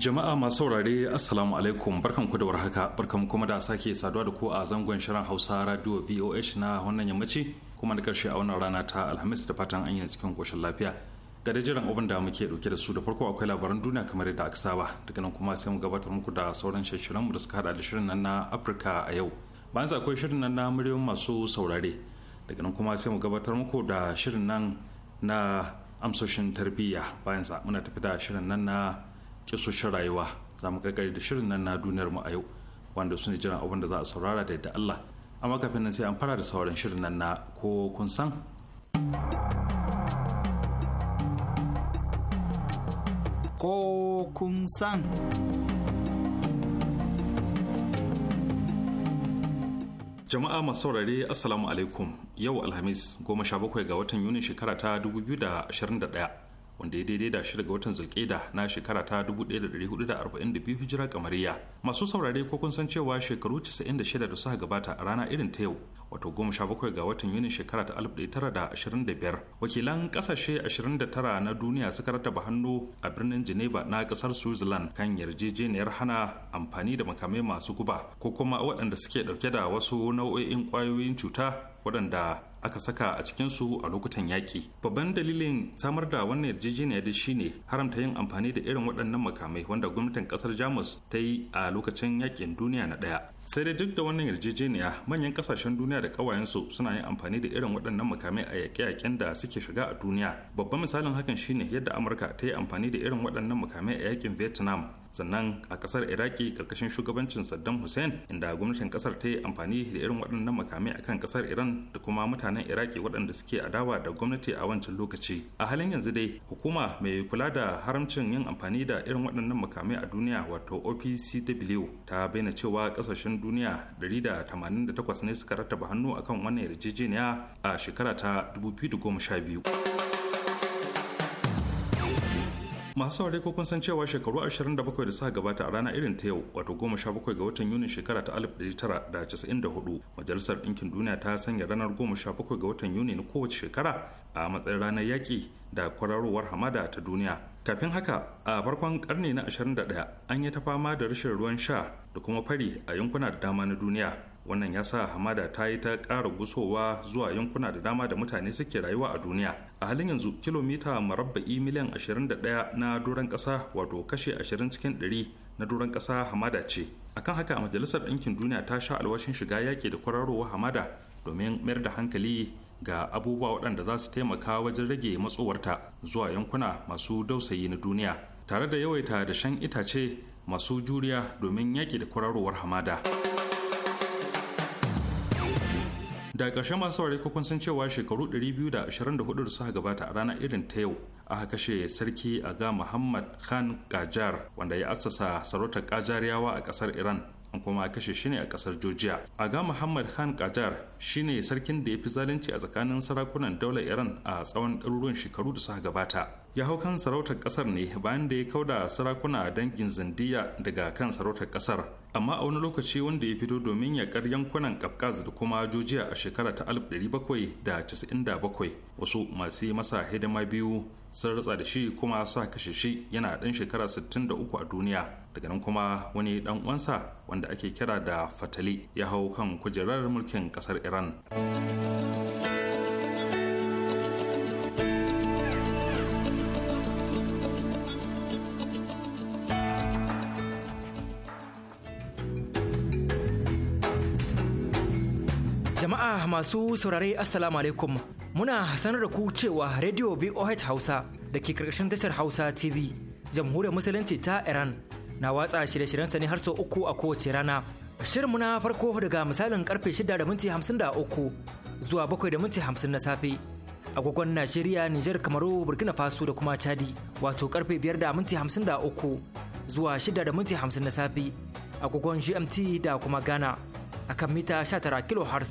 Jama'a masu saurare Assalamu alaikum barkan ku da warhaka barkan kuma da sake saduwa da ku a zangon shirin Hausa Radio VOH na wannan yammaci kuma na karshe a wannan rana ta Alhamis da fatan an yi cikin koshin lafiya. Ga da jiran abin da muke dauke da su da farko akwai labaran duniya kamar yadda aka saba daga nan kuma sai mu gabatar muku da sauran shirin mu da suka hada da shirin nan na Afirka a yau. Bayan sa akwai shirin nan na muryoyin masu saurare daga nan kuma sai mu gabatar muku da shirin nan na amsoshin tarbiyya bayan sa muna tafi da shirin nan na kisoshin rayuwa za mu kakari da shirin nan na duniyar mu a yau wanda su ne jiran abin da za a saurara da yadda Allah amma kafin nan sai an fara da sauran shirin nan na ko kun san ko kun san jama'a masu saurare assalamu alaikum yau alhamis goma sha bakwai ga watan yunin shekara ta 2021 wanda ya daidai da shirga watan zulkeda na shekara ta 1442 hijira kamariya masu saurare ko kun san cewa shekaru 96 da suka gabata a rana irin ta yau wato 17 ga watan yuni shekara ta 1925 wakilan kasashe 29 na duniya suka rataba hannu a birnin geneva na kasar switzerland kan yarjejeniyar hana amfani da makamai masu guba ko kuma waɗanda suke ɗauke da wasu nau'o'in ƙwayoyin cuta waɗanda aka saka a cikinsu a lokutan yaƙi. Babban dalilin samar da wannan yarjejeniya da shine haramta yin amfani da irin waɗannan makamai wanda gwamnatin ƙasar Jamus ta yi a lokacin yaƙin duniya na ɗaya. Sai dai duk da wannan yarjejeniya manyan ƙasashen duniya da ƙawayensu suna yin amfani da irin waɗannan makamai a yaƙe-yaƙen da suke shiga a duniya. Babban misalin hakan shine yadda Amurka ta yi amfani da irin waɗannan makamai a yaƙin Vietnam sannan a kasar iraki karkashin shugabancin saddam hussein inda gwamnatin kasar ta yi amfani da irin waɗannan makamai akan kasar iran da kuma mutanen iraki waɗanda suke adawa da gwamnati a wancan lokaci a halin yanzu dai hukuma mai kula da haramcin yin amfani da irin waɗannan makamai a duniya wato opcw ta bayyana cewa ƙasashen duniya da 188 ne suka rattaba hannu akan wannan yarjejeniya a shekara ta 2012 masu saurare ko kun san cewa shekaru 27 da suka gabata a rana irin ta yau wato 17 ga watan yuni shekara ta 1994 majalisar ɗinkin duniya ta sanya ranar 17 ga watan yuni na kowace shekara a matsayin ranar yaƙi da kwararowar hamada ta duniya kafin haka a farkon karni na 21 an yi ta fama da rashin ruwan sha da kuma fari a yankuna da dama na duniya wannan ya sa hamada ta yi ta ƙara gusowa zuwa yankuna da dama da mutane suke rayuwa a duniya a halin yanzu kilomita marabba'i miliyan 21 na doron ƙasa wato kashe 20 cikin 100 na doron ƙasa hamada ce akan haka a majalisar ɗinkin duniya ta sha alwashin shiga yaƙi da kwararowa hamada domin mayar da hankali ga abubuwa waɗanda za su taimaka wajen rage matsowarta zuwa yankuna masu dausayi na duniya tare da yawaita da shan itace masu juriya domin yaƙi da kwararowar hamada. da ƙarshe masu saurari kun san cewa shekaru 224 da suka gabata a ranar irin ta yau aka kashe sarki aga muhammad khan kajar wanda ya assasa sarautar kajariyawa a ƙasar iran an kuma kashe shi ne a kasar Georgia. Aga Muhammad Khan Qajar shine sarkin da ya fi zalunci a tsakanin sarakunan daular Iran a tsawon ɗaruruwan shekaru da suka gabata. Ya hau kan sarautar ƙasar ne bayan da ya kauda sarakuna dangin Zindiya daga kan sarautar ƙasar Amma a wani lokaci wanda ya fito domin yakar yankunan Kafkaz da kuma Georgia a shekara ta 1797 wasu masu masa hidima biyu sun ratsa da shi kuma sa kashe shi yana ɗan shekara 63 a duniya daga nan kuma wani ɗan uwansa wanda ake kira da fatali ya hau kan kujerar mulkin ƙasar iran jama'a masu saurare assalamu alaikum Muna sanar da ku cewa Radio VOH Hausa da ke karkashin tashar Hausa TV jamhuriyar musulunci ta Iran na watsa shirye shiryen ne har sau uku a kowace rana. Shirinmu na farko daga misalin karfe shida da minti hamsin da uku zuwa bakwai da minti hamsin na safe. agogon Najeriya, Nijar, Kamaru, Burkina Faso da kuma Chadi, wato karfe 5:53 da minti zuwa 6:50 da minti na safe, agogon GMT da kuma Ghana, akan mita 19 kHz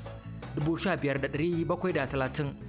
15,730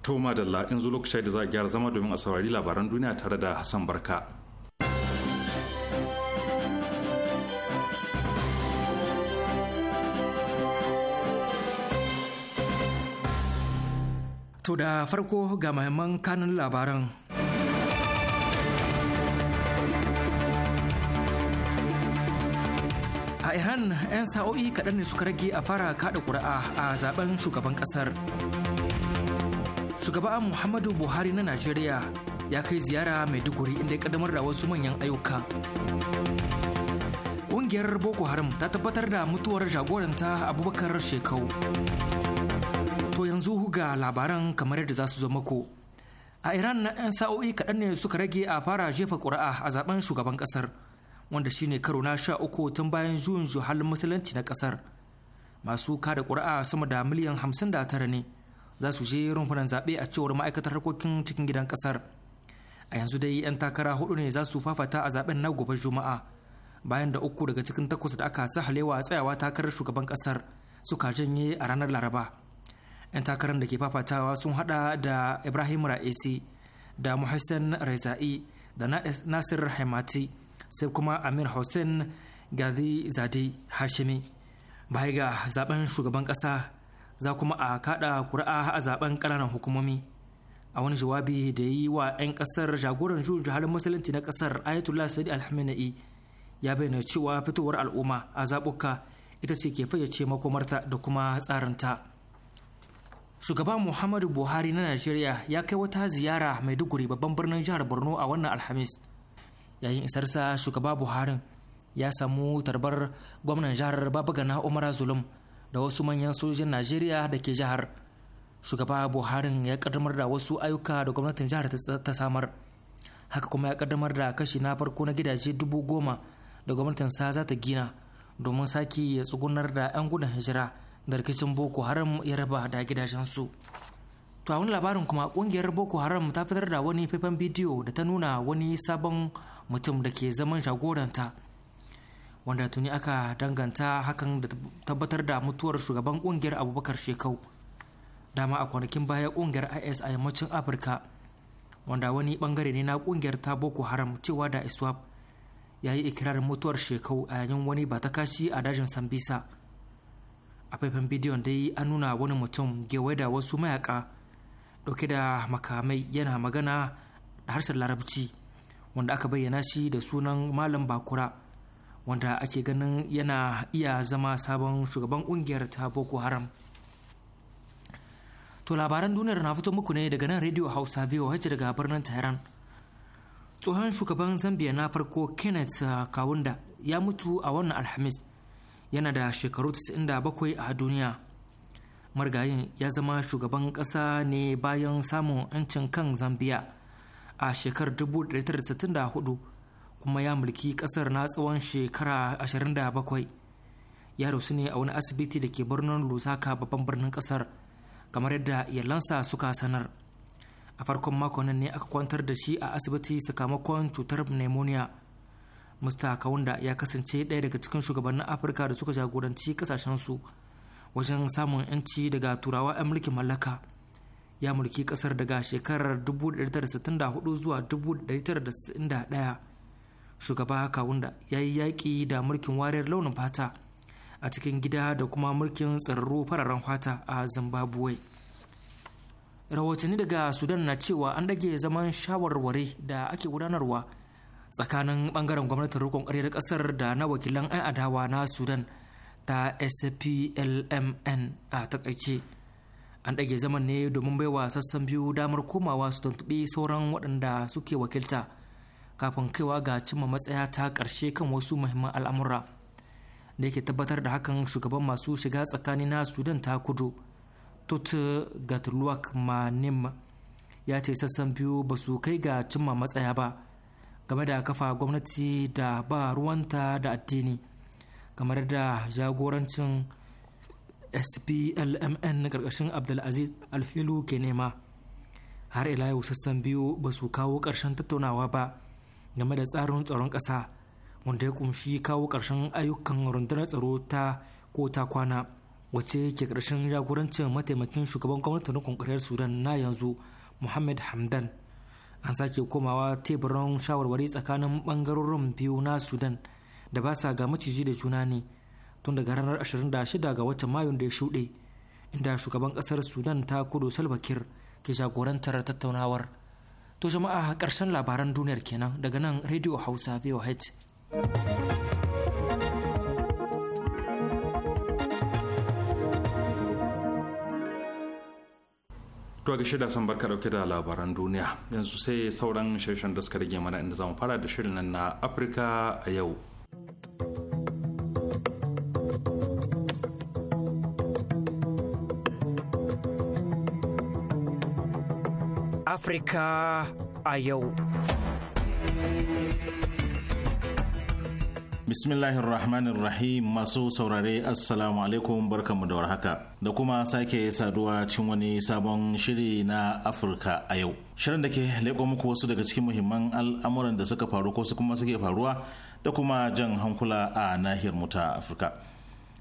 To madalla in zo lokaci da za a gyara zama domin a saurari labaran duniya tare da Hassan Barka. To da farko ga mahimman kanun labaran. A Iran 'yan sa'o'i kaɗan ne suka rage a fara kaɗa ƙuri'a a zaben shugaban ƙasar. shugaba muhammadu buhari na najeriya ya kai ziyara mai maiduguri inda ya kaddamar da wasu manyan ayyuka ƙungiyar boko haram ta tabbatar da mutuwar jagoranta abubakar shekau to yanzu ga labaran kamar yadda za su zo mako a iran na 'yan sa'o'i kaɗan ne suka rage a fara jefa ƙuri'a a zaben shugaban ƙasar wanda shine karo na sha uku tun bayan juyin juhalin musulunci na ƙasar masu kada ƙuri'a sama da miliyan hamsin da tara ne za su je rumfunan zaɓe a cewar ma'aikatar harkokin cikin gidan ƙasar a yanzu dai 'yan takara hudu ne za su fafata a zaben na gobe juma'a bayan da uku daga cikin takwas da aka sa a tsayawa takarar shugaban ƙasar suka janye a ranar laraba 'yan takarar da ke fafatawa sun hada da ibrahim ra'isi da muhassan raiza'i da nasir haimati sai kuma amir hussein gadi zade hashimi baya ga zaben shugaban ƙasa za kuma a kada kuri'a a zaben ƙananan hukumomi a wani jawabi da yi wa 'yan kasar jagoran juyin jihalin musulunci na kasar ayatollah sadi alhamenei ya bayyana cewa fitowar al'umma a zaɓuka ita ce ke fayyace makomarta da kuma tsarinta shugaba muhammadu buhari na najeriya ya kai wata ziyara mai duguri babban birnin jihar borno a wannan alhamis yayin isarsa shugaba buhari ya samu tarbar gwamnan jihar babagana umara zulum da wasu manyan sojojin najeriya da ke jihar shugaba buhari ya kaddamar da wasu ayyuka da gwamnatin jihar ta samar haka kuma ya kaddamar da kashi na farko na gidaje dubu goma da gwamnatin sa za ta gina domin sake ya tsugunar da 'yan gudun hijira da rikicin boko haram ya raba da gidajensu to a wani labarin kuma kungiyar boko haram ta fitar da wani faifan bidiyo da ta nuna wani sabon mutum da ke zaman jagoranta wanda tuni aka danganta hakan da tabbatar da mutuwar shugaban kungiyar abubakar shekau dama a kwanakin baya kungiyar is a yammacin afirka wanda wani bangare ne na kungiyar ta boko haram cewa da iswap ya yi ikirarin mutuwar shekau a yayin wani ba ta kashi a dajin sambisa a faifan bidiyon dai an nuna wani mutum gewaye da wasu mayaka dauke da makamai yana magana da harshen larabci wanda aka bayyana shi da sunan malam bakura wanda ake ganin yana iya zama sabon shugaban kungiyar ta boko haram to labaran duniyar na fito muku ne daga nan radio hausa voh daga birnin tehran tsohon shugaban zambia na farko kenneth kawunda ya mutu a wannan alhamis yana da shekaru 97 a duniya margayin ya zama shugaban ƙasa ne bayan samun 'yancin kan zambia a shekarar 1964 kuma ya mulki kasar na tsawon shekara 27 ya rasu ne a wani asibiti da ke birnin lusaka babban birnin kasar kamar yadda iyalansa suka sanar a farkon makon ne aka kwantar da shi a asibiti sakamakon cutar pneumonia mr kawunda ya kasance ɗaya daga cikin shugabannin afirka da suka jagoranci kasashensu wajen samun 'yanci daga turawa 'yan mulkin mallaka ya mulki kasar daga shekarar 1964 zuwa 1961 shugaba kawunda ya yi yaƙi da mulkin wariyar launin fata a cikin gida da kuma mulkin tsararru fararen fata a zimbabwe rahotanni daga sudan na cewa an dage zaman shawarwari da ake gudanarwa tsakanin bangaren gwamnatin rikon ƙaryar ƙasar da na wakilan 'yan adawa na sudan ta splmn a takaice an dage zaman ne domin baiwa sassan biyu damar komawa su tuntuɓi sauran waɗanda suke wakilta kafin kaiwa ga cimma matsaya ta ƙarshe kan wasu muhimman al'amura da yake tabbatar da hakan shugaban masu shiga tsakani na sudan ta kudu tut gatluwak manim ya ce sassan biyu ba su kai ga cimma matsaya ba game da kafa gwamnati da ba ruwanta da addini kamar da jagorancin splmn na ƙarƙashin abdulaziz alhilu ke nema har ila yau sassan biyu ba su kawo ƙarshen tattaunawa ba game da tsarin tsaron ƙasa wanda ya kumshi kawo ƙarshen ayyukan rundunar tsaro ta ko ta kwana wace ke ƙarshen jagorancin mataimakin shugaban gwamnati na ƙaryar sudan na yanzu muhammad hamdan an sake komawa teburin shawarwari tsakanin ɓangarorin biyu na sudan da ba sa ga maciji da juna ne tun daga ranar 26 ga watan mayun da ya shuɗe inda shugaban ƙasar sudan ta kudu salva ke jagorantar tattaunawar to jama'a karshen labaran duniyar kenan daga nan radio hausa voh To ga shida san barka dauke da labaran duniya yanzu sai sauran shirshen da suka rage mana inda zamu fara da shirin nan na Afirka a yau. a yau. Bismillahir Rahmanir Rahim masu saurare Assalamu alaikum barkanmu da warhaka da kuma sake saduwa cikin wani sabon shiri na Afirka a yau. Shirin da ke leƙo muku wasu daga cikin muhimman al'amuran da suka faru ko su kuma suke faruwa da kuma jan hankula a nahiyar muta ta Afirka.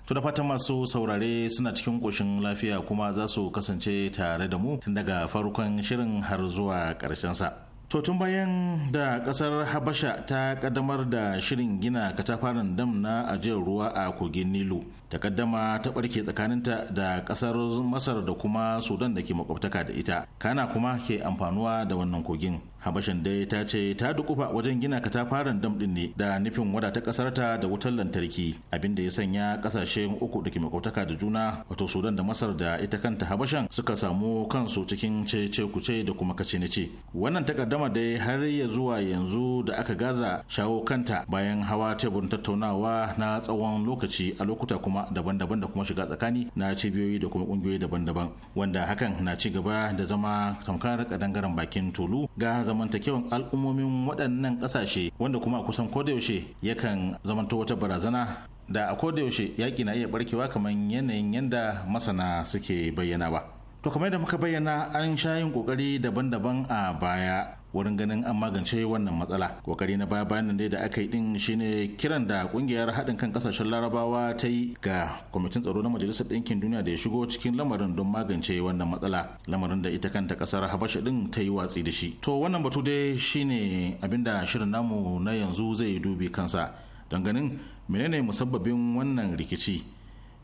To da fatan masu saurare suna cikin ƙoshin lafiya kuma za su kasance tare da mu tun daga farkon shirin har zuwa ƙarshen sa. To tun bayan da kasar Habasha ta ƙaddamar da shirin gina katafaren dam na ajiyar ruwa a kogin Nilu, ƙaddama ta ɓarke tsakaninta da ƙasar Masar da kuma Sudan da ke makwabtaka da ita, kana kuma ke amfanuwa da wannan kogin. habashin dai ta ce ta dukufa wajen gina katafaren dam din ne da nufin wadata kasar ta da wutar lantarki abin da ya sanya kasashen uku da ke da juna wato sudan da masar da ita kanta habashan suka samu kansu cikin cece kuce da kuma kace ce wannan takaddama dai har ya zuwa yanzu da aka gaza shawo kanta bayan hawa teburin tattaunawa na tsawon lokaci a lokuta kuma daban-daban da kuma shiga tsakani na cibiyoyi da kuma ƙungiyoyi daban-daban wanda hakan na ci gaba da zama tamkar kadangaren bakin tulu ga zamantakewan al'ummomin waɗannan ƙasashe wanda kuma a kusan kodayaushe yakan zamanto wata barazana da a kodayaushe yaƙi na iya barkewa kamar yanayin yadda masana suke bayyana ba. To kamar da muka bayyana an sha yin kokari daban-daban a baya wurin ganin an magance wannan matsala kokari na baya bayan da aka yi din shine kiran da kungiyar haɗin kan kasashen larabawa ta yi ga kwamitin tsaro na majalisar ɗinkin duniya da ya shigo cikin lamarin don magance wannan matsala lamarin da ita kanta kasar habasha din ta yi watsi da shi to wannan batu dai shine abinda shirin namu na yanzu zai dubi kansa don ganin menene musabbabin wannan rikici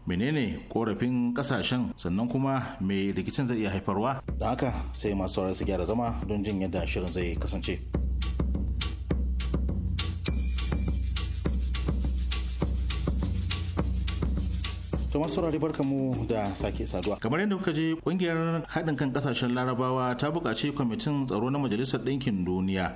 menene korafin kasashen sannan kuma mai rikicin zai iya haifarwa da haka sai masu saurari su gyara zama don jin yadda shirin zai kasance kamar saurari mu da sake saduwa kamar yadda kuka je kungiyar haɗin kan kasashen larabawa ta buƙaci kwamitin tsaro na majalisar ɗinkin duniya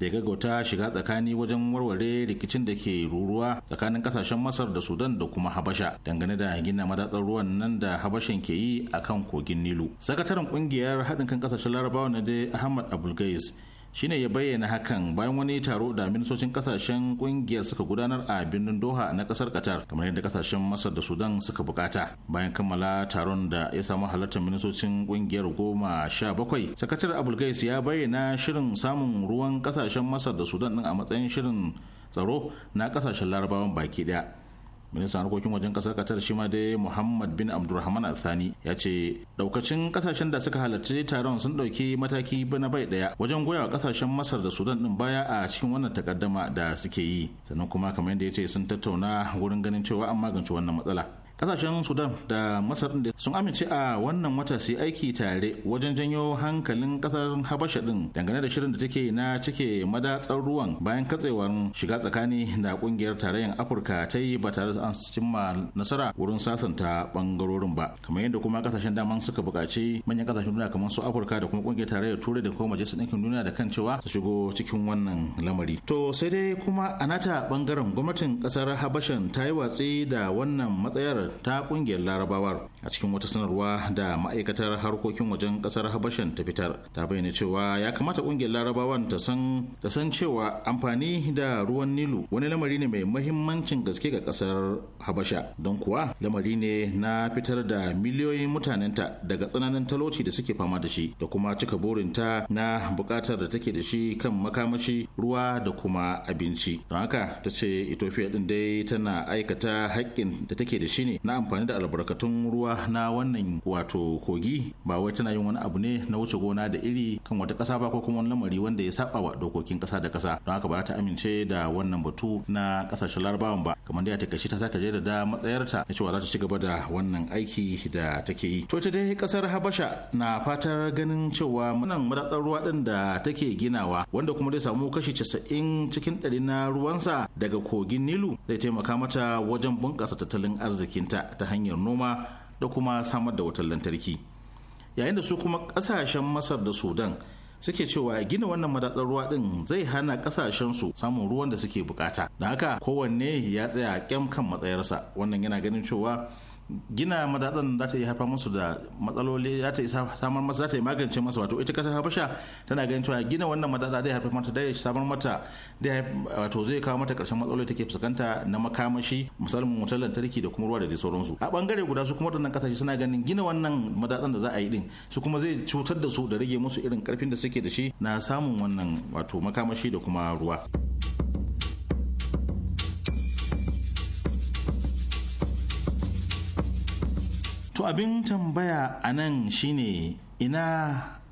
da ta shiga tsakani wajen warware rikicin da ke ruruwa tsakanin kasashen masar da sudan da kuma habasha dangane da gina madatsar ruwan nan da habashan ke yi akan kogin nilu sakataren kungiyar haɗin kan kasashen larabawa na dai ahmad abulgais shine ya bayyana hakan bayan wani taro da ministocin kasashen kungiyar suka gudanar a birnin doha na kasar qatar kamar yadda kasashen masar da sudan suka bukata bayan kammala taron da ya samu halartar ministocin kungiyar goma sha bakwai sakatar abulgais ya bayyana shirin samun ruwan kasashen masar da sudan din a matsayin shirin tsaro na kasashen larabawan baki daya ministan harkokin wajen kasar qatar shi ma dai muhammad bin abdulrahman althani ya ce daukacin kasashen da suka halarci taron sun dauki mataki na bai daya wajen goya wa kasashen masar da sudan din baya a cikin wannan takaddama da suke yi sannan kuma kamar yadda ya ce sun tattauna wurin ganin cewa an magance wannan matsala kasashen sudan da masar da sun amince a wannan wata su aiki tare wajen janyo hankalin kasar habasha din dangane da shirin da take na cike madatsar ruwan bayan katsewar shiga tsakani da kungiyar tarayyar afirka ta yi ba tare da an cimma nasara wurin sasanta bangarorin ba kamar yadda kuma kasashen daman suka bukaci manyan kasashen duniya kamar su afirka da kuma kungiyar tarayyar turai da kuma majalisar ɗinkin duniya da kan cewa su shigo cikin wannan lamari to sai dai kuma a nata bangaren gwamnatin kasar habashan ta yi watsi da wannan matsayar ta ƙungiyar larabawar a cikin wata sanarwa da ma'aikatar harkokin wajen ƙasar habashan ta fitar ta bayyana cewa ya kamata ƙungiyar larabawan ta san ta cewa amfani da ruwan nilu wani lamari ne mai mahimmancin gaske ga ƙasar habasha don kuwa lamari ne na fitar da miliyoyin mutanenta daga tsananin talauci da suke fama da shi da kuma cika burinta na bukatar da take da shi kan makamashi ruwa da kuma abinci don haka ta ce ethiopia din dai tana aikata haƙƙin da take da shi ne na amfani da albarkatun ruwa na wannan wato kogi ba wai tana yin wani abu ne na wuce gona da iri kan wata kasa ba ko kuma wani lamari wanda ya saba wa dokokin kasa da ƙasa don haka ba ta amince da wannan batu na kasashen larabawan ba kamar da ta kashi ta saka da matsayarta na cewa za ta ci gaba da wannan aiki da take yi to dai kasar habasha na fatar ganin cewa munan madatsar ruwa ɗin da take ginawa wanda kuma zai samu kashi casa'in cikin ɗari na ruwansa daga kogin nilu zai taimaka mata wajen bunƙasa tattalin arzikin arzikinta ta hanyar noma da kuma samar da wutar lantarki yayin da su kuma kasashen masar da sudan suke cewa gina wannan madatsar ruwa din zai hana kasashen su samun ruwan da suke bukata da haka kowanne ya tsaya kyam kan matsayarsa wannan yana ganin cewa gina madatsan za ta yi haifar musu da matsaloli za ta yi samar masa za ta yi magance masa wato ita kasar habasha tana ganin cewa gina wannan madatsa zai haifar mata dai samar mata dai wato zai kawo mata karshen matsaloli take fuskanta na makamashi misalin wutar lantarki da kuma ruwa da dai sauransu a bangare guda su kuma wadannan kasashe suna ganin gina wannan madatsan da za a yi din su kuma zai cutar da su da rage musu irin karfin da suke da shi na samun wannan wato makamashi da kuma ruwa. abin tambaya a nan shine ina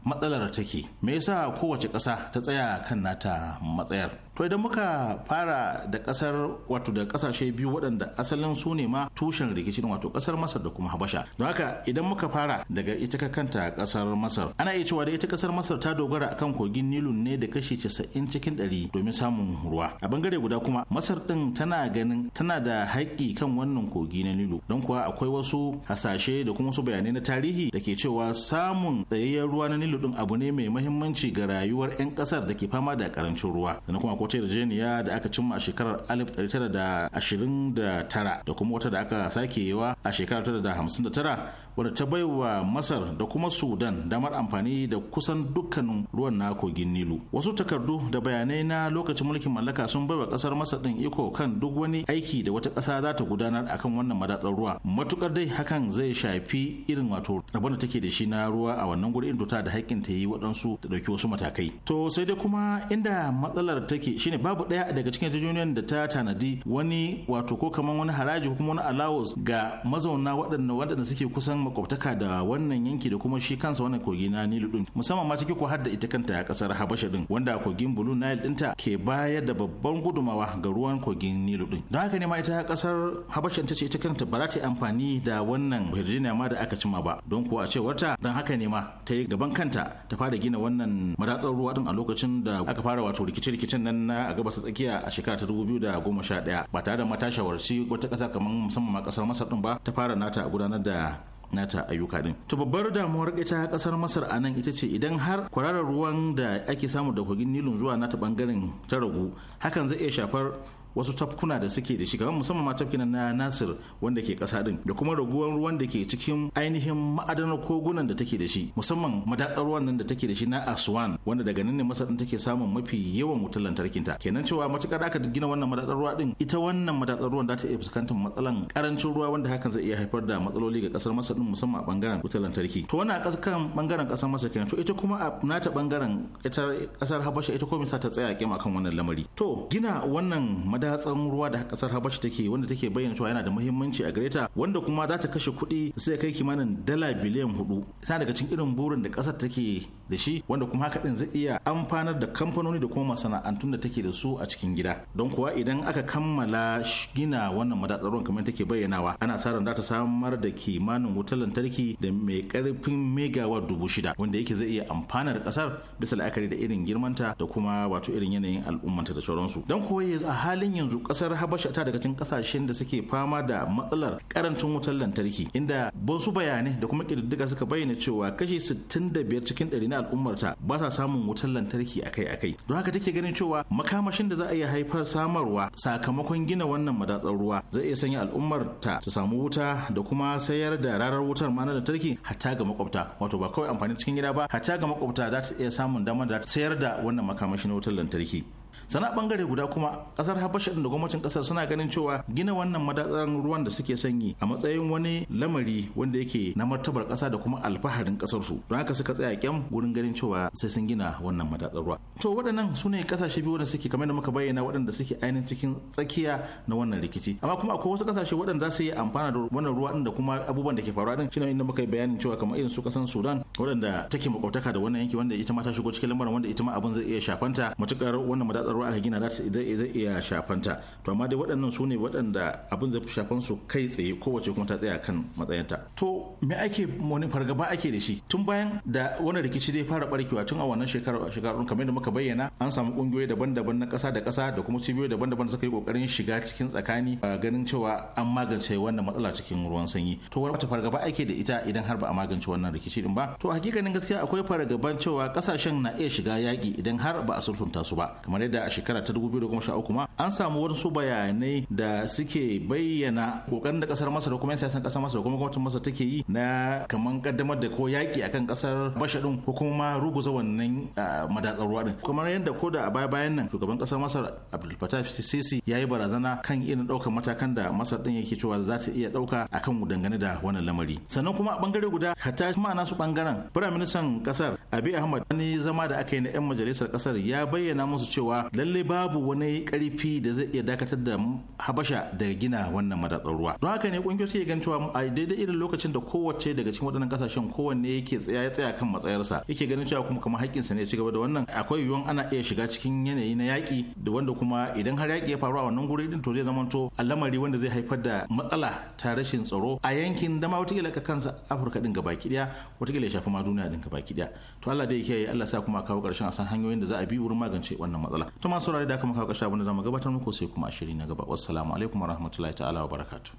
matsalar take me yasa kowace ƙasa ta tsaya kan nata matsayar to idan muka fara da kasar wato da kasashe biyu waɗanda asalin su ne ma tushen rikicin wato kasar masar da kuma habasha don haka idan muka fara daga ita kanta kasar masar ana iya cewa da ita kasar masar ta dogara akan kogin nilu ne da kashi casa'in cikin ɗari domin samun ruwa a bangare guda kuma masar ɗin tana ganin tana da haƙƙi kan wannan kogi na nilu don kuwa akwai wasu hasashe da kuma wasu bayanai na tarihi da ke cewa samun tsayayyen ruwa na nilu ɗin abu ne mai mahimmanci ga rayuwar 'yan kasar da ke fama da karancin ruwa kuma wata yarjejeniya da aka cimma a shekarar 1929 da kuma wata da aka sake yiwa a shekarar 1959 wadda ta bai wa masar da kuma sudan damar amfani da kusan dukkanin ruwan na kogin nilu wasu takardu da bayanai na lokacin mulkin mallaka sun baiwa kasar masar din iko kan duk wani aiki da wata kasa za ta gudanar akan wannan madatsar ruwa matukar dai hakan zai shafi irin wato abin da take da shi na ruwa a wannan gurin ta da haƙƙin ta yi waɗansu da ɗauki wasu matakai to sai dai kuma inda matsalar take shine babu ɗaya daga cikin yarjejeniyar da ta tanadi wani wato ko kaman wani haraji ko kuma wani allowance ga mazauna waɗanda waɗanda suke kusan makwabtaka da wannan yanki da kuma shi kansa wannan kogi na Nilu din musamman ma ciki ko har da ita kanta ya kasar Habasha din wanda kogin Blue Nile dinta ke bayar da babban gudumawa ga ruwan kogin Nilu din don haka ne ma ita kasar Habasha ta ce ita kanta ba za ta yi amfani da wannan Virginia ma da aka cima ba don kuwa a cewar ta don haka ne ma ta yi gaban kanta ta fara gina wannan madatsar ruwa din a lokacin da aka fara wato rikice-rikicen nan na a gabas tsakiya a shekara ta goma sha daya ba tare da mata shawarci wata kasa kamar musamman ma kasar Masar din ba ta fara nata gudanar da nata ayyuka din to babbar damuwar ita kasar masar a nan ita ce idan har kwararar ruwan da ake samu da kogin nilun zuwa nata bangaren ta ragu hakan zai iya shafar wasu tafkuna da suke da shi kamar musamman ma tafkinan na Nasir wanda ke ƙasa din da kuma raguwar ruwan da ke cikin ainihin ma'adanar kogunan da take da shi musamman madakar ruwan nan da take da shi na Aswan wanda daga nan ne Masar din take samun mafi yawan wutar lantarkin ta kenan cewa matukar aka gina wannan madakar ruwa din ita wannan madakar ruwan za ta iya fuskantar matsalan karancin ruwa wanda hakan zai iya haifar da matsaloli ga kasar Masar din musamman a bangaren wutar lantarki to wannan kan bangaren kasar Masar kenan to ita kuma a nata bangaren ita kasar Habasha ita komai sa ta tsaya kima kan wannan lamari to gina wannan madatsan ruwa da kasar habasha take wanda take bayyana cewa yana da muhimmanci a gare ta wanda kuma za ta kashe kuɗi sai kai kimanin dala biliyan hudu sa daga cikin irin burin da kasar take da shi wanda kuma haka din zai iya amfanar da kamfanoni da kuma masana'antun da take da su a cikin gida don kuwa idan aka kammala gina wannan madatsar kamar take bayyanawa ana sa ran za ta samar da kimanin wutar lantarki da mai karfin megawa dubu shida wanda yake zai iya amfanar kasar bisa la'akari da irin girmanta da kuma wato irin yanayin al'ummanta da sauransu don kuwa a halin yanzu kasar habasha ta daga cikin kasashen da suke fama da matsalar karancin wutar lantarki inda basu bayanai da kuma kididdiga suka bayyana cewa kashi 65 cikin dari na al'ummarta ba sa samun wutar lantarki akai-akai don haka take ganin cewa makamashin da za a iya haifar samarwa sakamakon gina wannan madatsar ruwa zai iya sanya al'ummarta su samu wuta da kuma sayar da rarar wutar ma na lantarki hatta ga makwabta wato ba kawai amfani cikin gida ba hatta ga makwabta za ta iya samun damar da sayar da wannan makamashin wutar lantarki sana bangare guda kuma kasar habasha da gwamnatin kasar suna ganin cewa gina wannan madatsar ruwan da suke sanyi a matsayin wani lamari wanda yake na martabar kasa da kuma alfaharin kasar su don haka suka tsaya kyam gurin ganin cewa sai sun gina wannan madatsar ruwa to waɗannan su ne kasashe biyu da suke kamar da muka bayyana waɗanda suke ainihin cikin tsakiya na wannan rikici amma kuma akwai wasu kasashe waɗanda su yi amfana da wannan ruwa din da kuma abubuwan da ke faruwa din shine inda muka yi bayanin cewa kamar irin su kasan Sudan waɗanda take makwabtaka da wannan yanki wanda ita ma ta shigo cikin lamarin wanda ita ma abin zai iya shafanta matukar wannan madatsar tsaro aka gina zai iya shafanta to amma dai waɗannan su ne waɗanda abin zai shafan su kai tsaye kowace kuma ta tsaya kan matsayinta to me ake wani fargaba ake da shi tun bayan da wani rikici dai fara barkewa tun a wannan shekarar shekarun kamar da muka bayyana an samu kungiyoyi daban-daban na ƙasa da ƙasa da kuma cibiyoyi daban-daban suka yi kokarin shiga cikin tsakani a ganin cewa an magance wannan matsala cikin ruwan sanyi to wani wata fargaba ake da ita idan har ba a magance wannan rikici din ba to hakikanin gaskiya akwai fargaban cewa kasashen na iya shiga yaƙi idan har ba a sulhunta su ba kamar yadda a shekara ta 2013 ma an samu wasu bayanai da suke bayyana kokarin da kasar Masar kuma siyasan kasar Masar da kuma gwamnatin Masar take yi na kaman kaddamar da ko yaki akan kasar basha din ko kuma ruguza wannan madatsar ruwa din kamar yadda ko da a baya bayan nan shugaban kasar Masar Abdul Fattah Sisi yi barazana kan irin daukar matakan da Masar din yake cewa za ta iya dauka akan dangane da wannan lamari sannan kuma a bangare guda hatta kuma su bangaren firaministan kasar Abi Ahmad wani zama da aka yi na 'yan majalisar kasar ya bayyana musu cewa Lallai babu wani karfi da zai iya dakatar da habasha da gina wannan madatsar ruwa don haka ne kungiyoyi suke gan cewa a daidai irin lokacin da kowace daga cikin waɗannan kasashen kowanne yake tsaya ya tsaya kan matsayarsa yake ganin cewa kuma kamar haƙƙinsa ne ya ci gaba da wannan akwai yiwuwan ana iya shiga cikin yanayi na yaƙi da wanda kuma idan har yaƙi ya faru a wannan guri din to zai zamanto al'amari wanda zai haifar da matsala ta rashin tsaro a yankin da ma wataƙila ka kansa afirka din gabaki ɗaya wataƙila ya shafi ma duniya din ki daya to Allah dai ya kiyaye Allah sa kuma kawo ƙarshen a san hanyoyin da za a bi wurin magance wannan matsala to masu saurari da aka maka kashe abin da zamu gabatar muku sai kuma shiri na gaba wassalamu alaikum warahmatullahi ta'ala wa barakatuh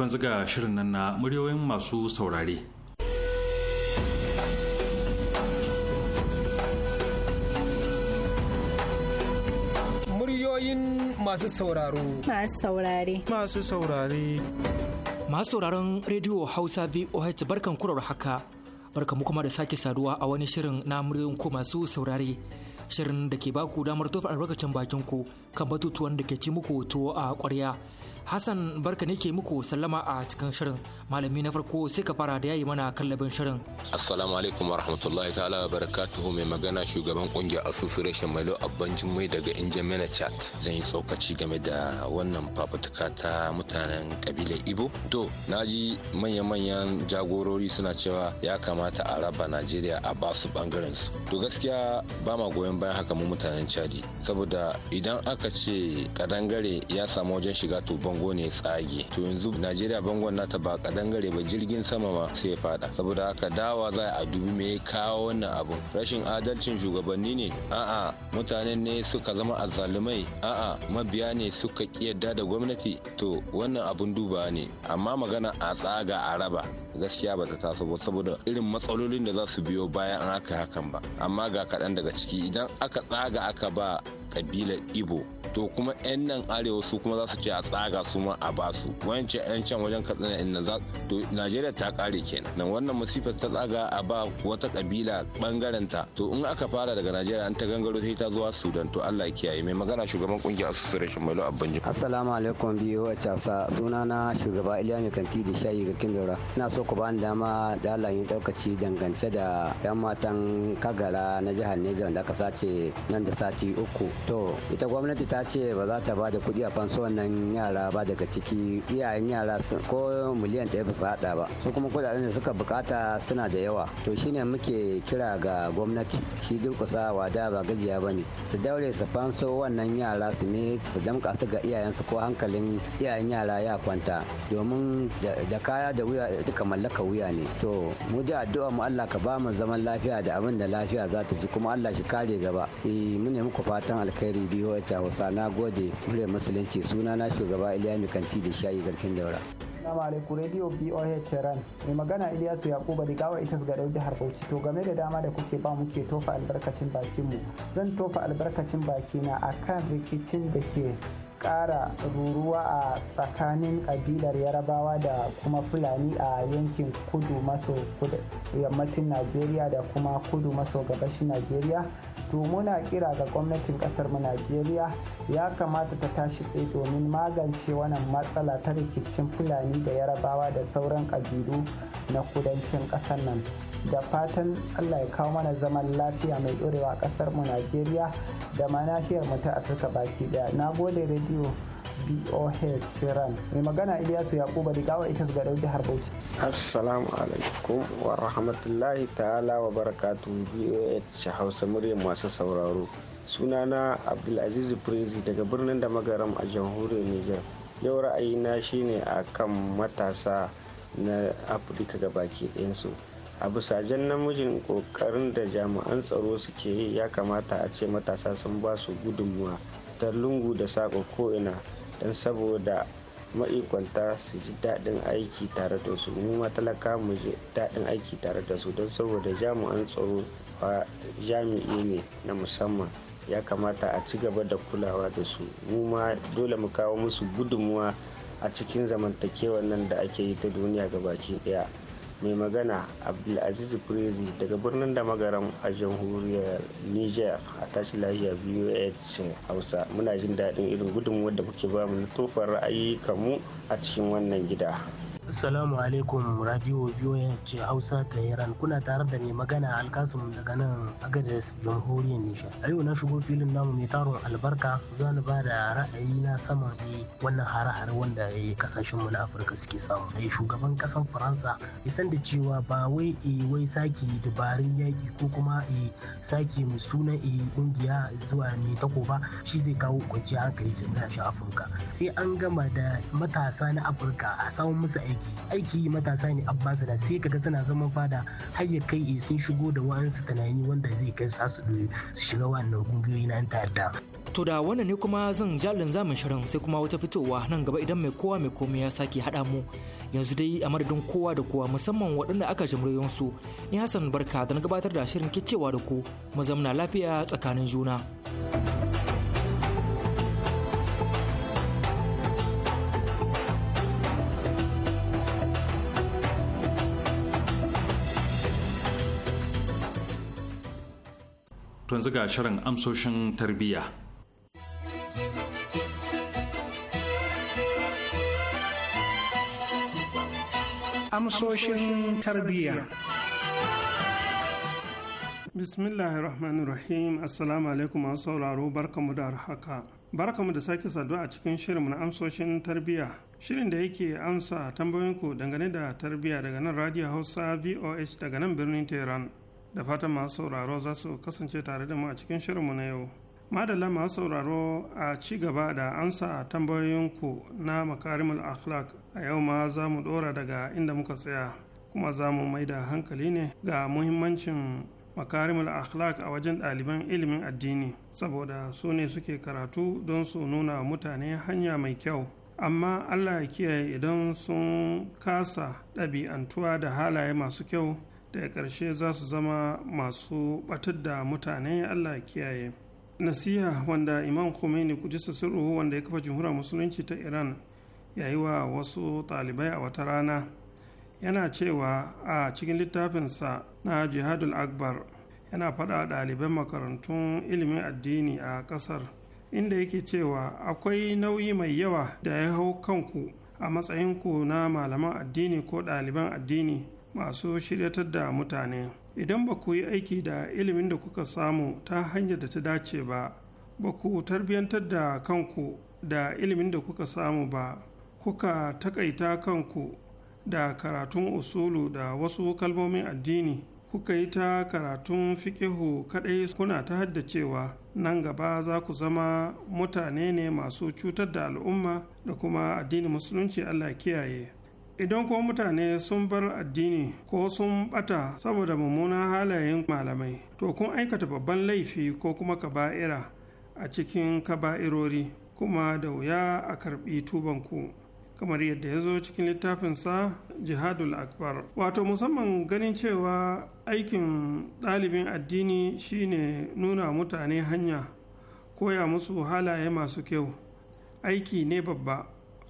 tun ziga shirin nan na muryoyin masu saurare. Muryoyin masu sauraro. Masu saurare. Masu saurare. Masu sauraron rediyo Hausa VOH barkan kurar haka. Barkamu kuma da sake saduwa a wani shirin na muryoyin ku masu saurare. Shirin da ke baku damar tofa albarkacin bakin ku kan batutuwan da ke ci muku tuwo a ƙwarya. Hassan barka ne ke muku sallama a cikin shirin malami na farko sai ka fara da yayi mana kallabin shirin. Assalamu alaikum wa rahmatullahi ta'ala wa barakatuhu mai magana shugaban kungiyar asusu reshen Mailo Abban Jummai daga mena Chat zan yi tsokaci game da wannan fafutuka ta mutanen kabilar Ibo. To na ji manya-manyan jagorori suna cewa ya kamata a raba Najeriya a basu bangaren su. To gaskiya ba ma goyon bayan haka mu mutanen Chadi saboda idan aka ce kadangare ya samu wajen shiga to bango ne tsage to yanzu najeriya bangon nata ba kadangare ba jirgin sama ma sai fada saboda haka dawa za a dubi me kawo wannan abu rashin adalcin shugabanni ne a'a mutanen ne suka zama azzalumai a'a mabiya ne suka kiyarda da gwamnati to wannan abun duba ne amma magana a tsaga a raba gaskiya ba ta taso ba saboda irin matsalolin da za su biyo bayan an haka hakan ba amma ga kaɗan daga ciki idan aka tsaga aka ba kabilar ibo to kuma 'yan nan arewa su kuma za su ce a tsaga su ma a basu wancan yan can wajen katsina in za to najeriya ta kare kenan nan wannan masifar ta tsaga a ba wata kabila bangaren ta to in aka fara daga najeriya an ta gangaro sai ta zuwa sudan to allah ya kiyaye mai magana shugaban kungiyar association mailo banjo assalamu alaikum biyo a casa sunana shugaba iliya mai kanti da shayi ga daura ina so ku bani dama da allah ya daukaci dangance da yan matan kagara na jihar neja wanda aka sace nan da sati uku to ita gwamnati ta ce ba za ta ba da kuɗi a fanso wannan yara ba daga ciki iyayen yara ko miliyan ɗaya ba su haɗa ba su kuma kuɗaɗen da suka bukata suna da yawa to shine muke kira ga gwamnati shi durkusa wada ba gajiya ba ne su daure su fanso wannan yara su ne su damƙa su ga iyayensu ko hankalin iyayen yara ya kwanta domin da kaya da wuya duka mallaka wuya ne to mu da addu'a mu Allah ka ba mu zaman lafiya da abin da lafiya za ta ji kuma Allah shi kare gaba eh, mu ne muku fatan alkhairi biyo a Hausa na gode mure musulunci suna na shugaba Aliya mai kanti da shayi garkin daura Assalamu alaikum Radio BOH Tehran. Mai magana iliyasu Yakuba da gawa ita ga dauki harkoki To game da dama da kuke ba muke tofa albarkacin bakin mu. Zan tofa albarkacin bakina akan rikicin da ke ƙara ruruwa a tsakanin ƙabilar yarabawa da kuma fulani a yankin kudu maso yammacin najeriya da kuma kudu maso gabashin najeriya to muna kira ga gwamnatin kasar mu najeriya ya kamata ta tashi tsaye domin magance wannan matsala ta rikicin fulani da yarabawa da sauran kabilu na kudancin kasar nan da fatan allah ya kawo mana zaman lafiya mai dorewa kasar mu najeriya da ma nahiyar mu ta afirka baki daya na gode radio boh tehran mai magana iliyasu yakuba da gawa ita ga jihar harbauci assalamu alaikum wa rahmatullahi ta'ala wa barakatu boh hausa murya masu sauraro sunana abdulaziz prezi daga birnin da magaram a jamhuriyar niger yau ra'ayi ra'ayina shine a kan matasa na afirka ga ɗayansu a bisa jan namijin kokarin da jami'an tsaro suke yi ya kamata a ce matasa sun ba su gudunmuwa ta lungu da saƙo ko'ina don saboda ma'ikwanta su ji daɗin aiki tare da su mu matalaka mu ji daɗin aiki tare da su don saboda jami'an tsaro ba jami'i ne na musamman ya kamata a ci gaba da kulawa da su mu ma dole mu kawo musu gudunmuwa a cikin zamantakewar nan da ake yi ta duniya ga baki ɗaya mai magana abdulaziz prezi daga birnin da magaran a jamhuriyar niger a tashi lahiya voh hausa muna jin daɗin irin gudunmuwar da kuke bamu na tofar ra'ayi kamu a cikin wannan gida Assalamu alaikum radio ce Hausa ta Iran kuna tare da mai magana Alkasum daga nan Agadez Jamhuriyar Nisha. A yau na shigo filin namu mai taron albarka zan ba da ra'ayi na sama ne wannan hare-hare wanda ya kasashen mu na Afirka suke samu. Ai shugaban kasan Faransa ya san da cewa ba wai eh, wai saki dabarun yaki ko kuma eh, saki mu sunan kungiya eh, zuwa mai tako ba shi zai kawo kwanciyar hankali cikin Afirka. Sai an gama da matasa na Afirka a samun musu aiki aiki matasa ne abbasada sai kaga suna zama fada har kai eh, sun shigo da wa'ansu tunani wanda zai kai su su shiga wannan kungiyoyi na ta'adda. To da wannan ne kuma zan jalin zamin shirin sai kuma wata fitowa nan gaba idan mai kowa mai komai ya sake haɗa mu yanzu dai a madadin kowa da kowa musamman waɗanda aka jimriyon su ni Hassan Barka da na gabatar da shirin kicewa da ku mu zamna lafiya tsakanin juna. to yanzu ga shirin amsoshin tarbiyya amsoshin tarbiyya bismillahirrahmanirrahim assalamu alaikum masu sauraro barkamu da haka barkamu da sake saduwa a cikin shirinmu na amsoshin tarbiyya shirin da yake amsa tambayoyinku dangane da tarbiyya daga nan radio hausa voh daga nan birnin tehran da fatan masu sauraro za su kasance tare da mu a cikin shirinmu na yau madalla masu sauraro a ci gaba da ansa tambayoyinku na makarimul akhlaq a yau ma za mu dora daga inda muka tsaya kuma za mu mai da hankali ne ga muhimmancin makarimul akhlaq a wajen ɗaliban ilimin addini saboda su ne suke karatu don su nuna mutane hanya mai kyau amma allah ya kiyaye idan sun kasa ɗabi'antuwa da halaye masu kyau daga ƙarshe za su zama masu batar da mutane allah kiyaye nasiha wanda imam khomeini kuji sirruhu wanda ya kafa jamhuriyar musulunci ta iran ya yi wa wasu ɗalibai a wata rana yana cewa a cikin littafinsa na jihadul akbar yana faɗa ɗaliban makarantun ilimin addini a ƙasar inda yake cewa akwai nauyi mai yawa da ya hau kanku a matsayinku na malaman addini ko ɗaliban addini masu shiryatar da mutane idan ba ku yi aiki da ilimin da kuka samu ta hanyar da ta dace ba ba ku tarbiyantar da kanku da ilimin da kuka samu ba kuka takaita kanku da karatun usulu da wasu kalmomin addini kuka yi ta karatun fikihu kadai kuna ta haddacewa nan gaba za ku zama mutane ne masu cutar da al'umma da kuma addinin musulunci allah kiyaye idan kuma mutane sun bar addini ko sun bata saboda mummunan halayen malamai to kun aikata babban laifi ko kuma kaba'ira a cikin kaba'irori kuma da wuya a karbi tubanku kamar yadda ya zo cikin littafinsa jihadul akbar wato musamman ganin cewa aikin ɗalibin addini shine nuna mutane hanya koya musu halaye masu kyau aiki ne babba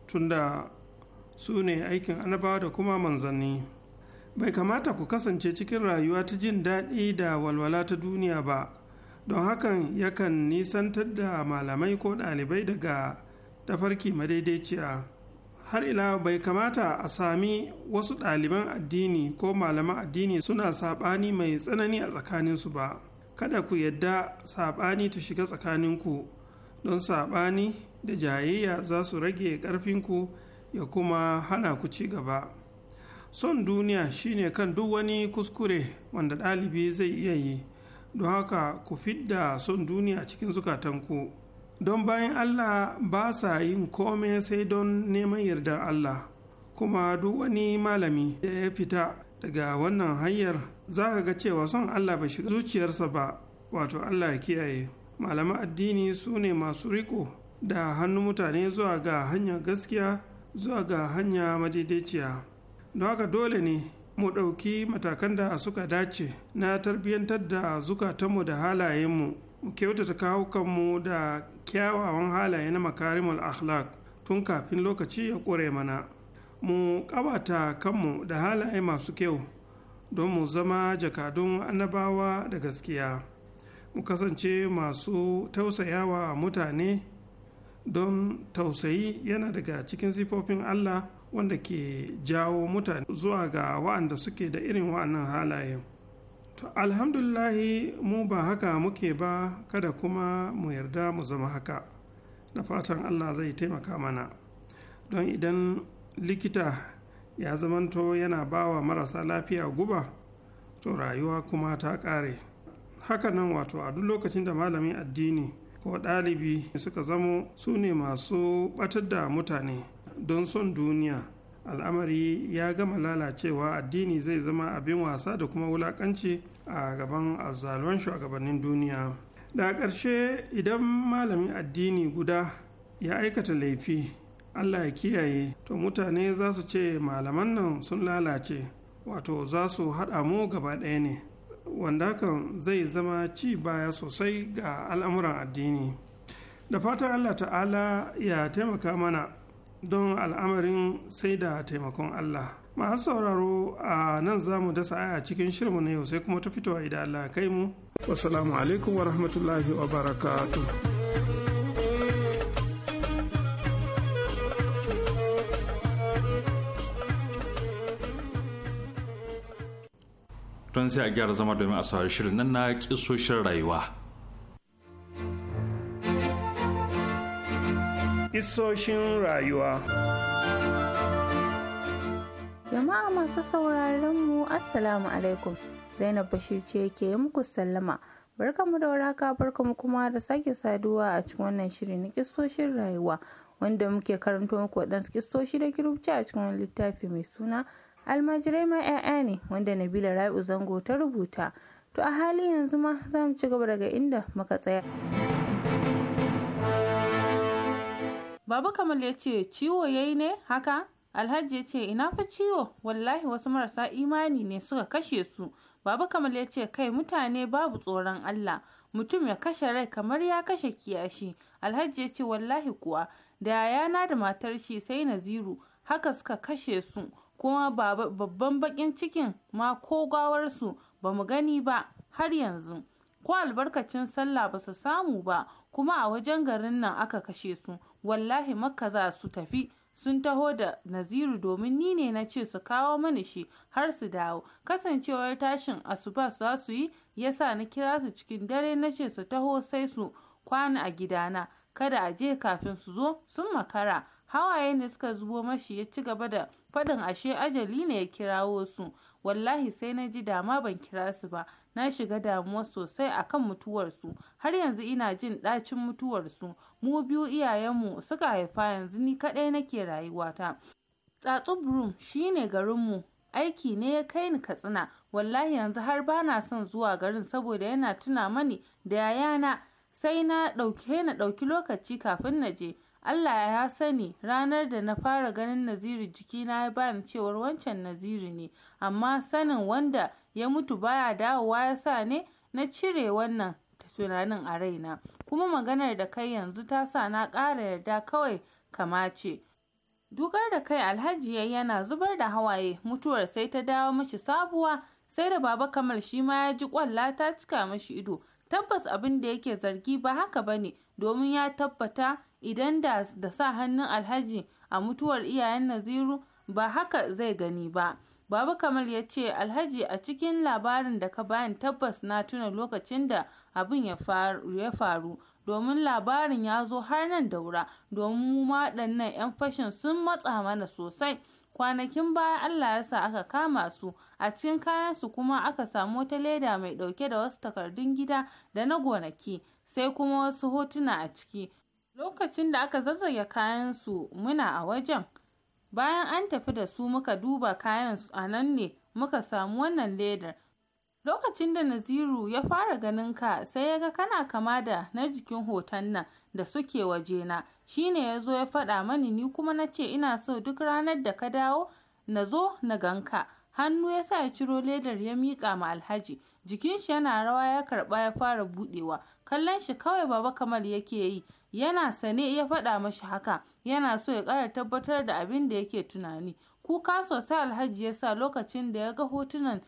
tunda su ne aikin annabawa da kuma manzanni bai kamata ku kasance cikin rayuwa ta jin daɗi da walwala ta duniya ba don hakan yakan nisantar da malamai ko ɗalibai daga tafarki madaidaiciya har ila bai kamata a sami wasu ɗaliban addini ko malaman addini suna saɓani mai tsanani a tsakaninsu ba kada ku yadda saɓani ta shiga tsakaninku don saɓani da jayayya za su rage ƙarfinku ya kuma hana ku ci gaba son duniya shine kan duk wani kuskure wanda ɗalibi zai iya yi don haka ku fidda son duniya cikin zukatanku don bayan allah ba sa yin kome sai don neman yardar allah kuma duk wani malami da ya fita daga wannan hanyar za ka ga cewa son allah ba shiga zuciyarsa ba wato allah ya kiyaye malaman addini su ne masu riko da hannun mutane zuwa ga hanyar gaskiya zuwa ga hanya madaidaiciya don haka dole ne mu ɗauki matakan da suka dace na tarbiyyantar da zukatanmu da halayenmu mu kyautata kawo da kyawawan halaye na makarimul akhlaq tun kafin lokaci ya ƙure mana mu ƙabata kanmu da halaye masu kyau don mu zama jakadun annabawa da gaskiya mu kasance masu tausayawa mutane don tausayi yana daga cikin sifofin Allah wanda ke jawo mutane zuwa ga wa'anda suke da irin wa'annan halaye. To alhamdulahi mu ba haka muke ba kada kuma mu yarda mu zama haka da fatan Allah zai taimaka mana don idan likita ya zamanto yana bawa marasa lafiya guba to rayuwa kuma ta ƙare. hakanan wato a duk lokacin da malamin addini ko ɗalibi suka zamo su ne masu ɓatar da mutane don son duniya al'amari ya gama lalacewa addini zai zama abin wasa da kuma wulakanci a gaban azzaluman shugabannin duniya da ƙarshe idan malamin addini guda ya aikata laifi allah ya kiyaye to mutane za su ce malaman nan sun lalace wato za su haɗa mu gaba ɗaya ne wanda hakan zai zama ci baya sosai ga al'amuran addini da fatan allah ta'ala ya taimaka mana don al'amarin sai da taimakon allah masu sauraro a nan za mu dasa aya cikin shirmu na yau sai kuma ta fitowa idan allah kai mu wasu alaikum wa rahmatullahi wa barakatuh don sai a gyara zama domin a saurari shirin nan na kisoshin rayuwa. Kisoshin rayuwa Jama'a masu sauraron mu Assalamu alaikum Zainab Bashir ce ke muku sallama. barka Barkamu da waraka barkamu kuma da sake saduwa a cikin wannan shiri na kisoshin rayuwa wanda muke karanto muku waɗansu kisoshi da kirubci a cikin wani littafi mai suna almajirai ma 'ya'ya ne wanda nabila rabi zango ta rubuta to a hali yanzu ma za mu ci gaba daga inda muka tsaya baba kamal ya ce ciwo ya yi ne haka alhaji ya ce ina fa ciwo wallahi wasu marasa imani ne suka kashe su baba kamal ya ce kai mutane babu tsoron allah mutum ya kashe rai kamar ya kashe kiyashi alhaji ya ce wallahi kuwa da yana da matar shi sai naziru haka suka kashe su kuma babban bakin cikin ma ko gawarsu ba mu gani ba har yanzu ko albarkacin sallah ba su samu ba kuma a wajen garin nan aka kashe su wallahi makka za su tafi sun taho da naziru domin ni ne na ce su kawo mani shi har su dawo kasancewar tashin asuba za su yi yasa na kira su cikin dare na ce su taho sai su kwana a gidana kada a je kafin su zo sun makara hawaye ne suka zubo mashi ya ci gaba da faɗin ashe ajali ne ya kirawo su wallahi sai na ji dama ban kira su ba na shiga damuwa sosai akan mutuwarsu har yanzu ina jin ɗacin mutuwarsu mu biyu iyayenmu suka haifa yanzu ni kaɗai nake rayuwata tsatsu shine garinmu aiki ne ya kai ni katsina wallahi yanzu har bana son zuwa garin saboda yana tuna mani da yayana sai na ɗauke na ɗauki lokaci kafin na je Allah ya sani ranar da na fara ganin Naziru jikina ya bani cewar wancan naziri ne, amma sanin wanda ya mutu baya dawowa ya sa ne na cire wannan tunanin a raina, kuma maganar da kai yanzu ta sa na ƙara yarda kawai kamace. Dukar da kai alhaji yana zubar da hawaye mutuwar sai ta dawo mashi sabuwa sai da baba Kamal shi ma ya ji kwalla ta cika mashi ido tabbas abin da yake zargi ba haka bane domin ya tabbata idan da da sa hannun Alhaji a mutuwar iyayen Naziru ba haka zai gani ba. Baba Kamal ya ce Alhaji a cikin labarin da ka bani tabbas na tuna lokacin da abin ya faru domin labarin ya zo har nan da daura domin mu waɗannan 'yan fashin sun matsa mana sosai kwanakin baya Allah ya sa aka kama su a cikin kayansu kuma aka samu wata leda mai ɗauke da wasu takardun gida da na gonaki sai kuma wasu hotuna a ciki Lokacin da aka zazzage kayan su muna a wajen, bayan an tafi da su muka duba kayan su a nan ne muka samu wannan ledar. Lokacin da Naziru ya fara ganin ka sai ya ga kana kama da na jikin hoton nan da suke wajena shi ne ya zo ya faɗa mani ni kuma na ce ina so duk ranar da ka dawo na zo na ganka. Hannu ya sa ya ciro ledar ya miƙa ma alhaji jikin shi yana rawa ya karɓa ya fara buɗewa kallon shi kawai baba kamal yake yi yana sane ya faɗa mashi haka yana so ya ƙara tabbatar da abin da yake tunani kuka sosai alhaji ya sa lokacin da ya ga hotunan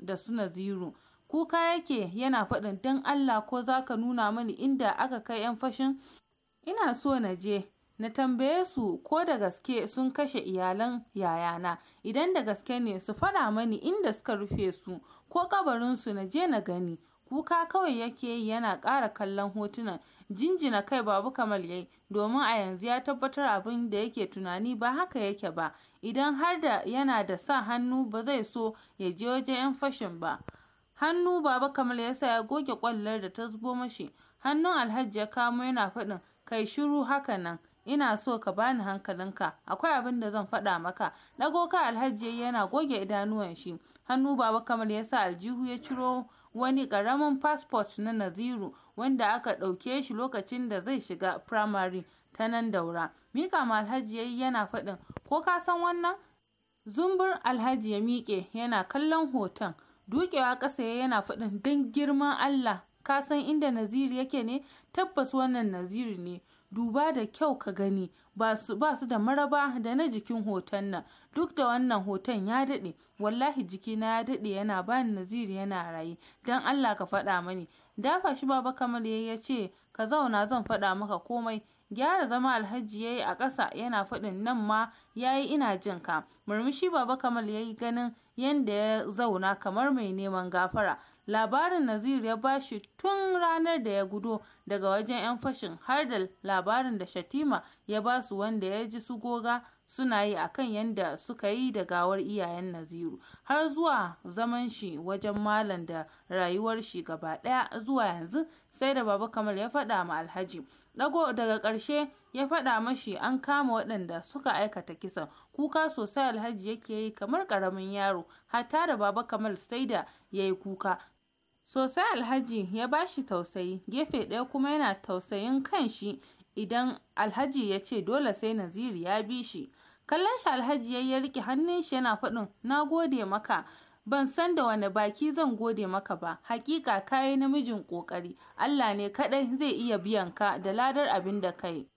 da su naziru kuka yake yana faɗin don allah ko za ka nuna mani inda aka kai 'yan fashin ina so na je na tambaye su ko da gaske sun kashe iyalan yayana idan da gaske ne su faɗa mani inda suka rufe su ko ƙabarinsu na je na gani kuka kawai yake yana ƙara kallon hotunan Jinjina kai Babu Kamal ya domin a yanzu ya tabbatar abin da yake tunani ba haka yake ba, idan har da yana da sa hannu ba zai so ya je wajen 'yan fashin ba. Hannu Baba Kamal ya sa ya goge kwallon da ta zubo mashi, hannun Alhaji ya kamo yana faɗin kai shiru haka nan. ina so ka bani hankalinka akwai abin da zan faɗa maka ɗago ka alhaji yana goge idanuwan shi hannu baba kamar ya sa aljihu ya ciro wani ƙaramin fasfot na naziru wanda aka ɗauke shi lokacin da zai shiga firamare ta nan Daura. Mika ma Alhaji ya yana faɗin ko ka san wannan? Zumbur Alhaji ya miƙe yana kallon hoton. Duƙewa ƙasa ya yana faɗin don girman Allah ka san inda Naziri yake ne tabbas wannan Naziri ne. Duba da kyau ka gani ba su da maraba da na jikin hoton nan duk da wannan hoton ya daɗe wallahi jikina ya daɗe yana bani naziri yana raye don Allah ka faɗa mani Dafa shi Baba Kamal ya ce, Ka zauna zan faɗa maka komai. Gyara zama Alhaji yayi a ƙasa yana faɗin nan ma yayi ina jin ka. Murmushi Baba Kamal yayi ganin yanda ya zauna kamar mai neman gafara. Labarin Nazir ya bashi tun ranar da ya gudo daga wajen 'yan fashin har da labarin da Shatima ya basu wanda ya ji su goga suna yi a kan yadda suka yi da gawar iyayen Naziru har zuwa zaman shi wajen malam da rayuwar shi gaba ɗaya zuwa yanzu sai da baba Kamal ya faɗa ma Alhaji dago daga ƙarshe ya faɗa mashi an kama waɗanda suka aikata kisan kuka sosai Alhaji yake yi kamar ƙaramin yaro hatta da baba Kamal sai da ya yi kuka sosai Alhaji ya ba shi tausayi gefe ɗaya kuma yana tausayin kan shi idan Alhaji ya ce dole sai Naziru ya bi shi kallon shi alhaji ya rike hannun shi yana faɗin na gode maka ban san da wani baki zan gode maka ba hakika kayi namijin ƙoƙari Allah ne kaɗai zai iya biyan ka da ladar abin da kai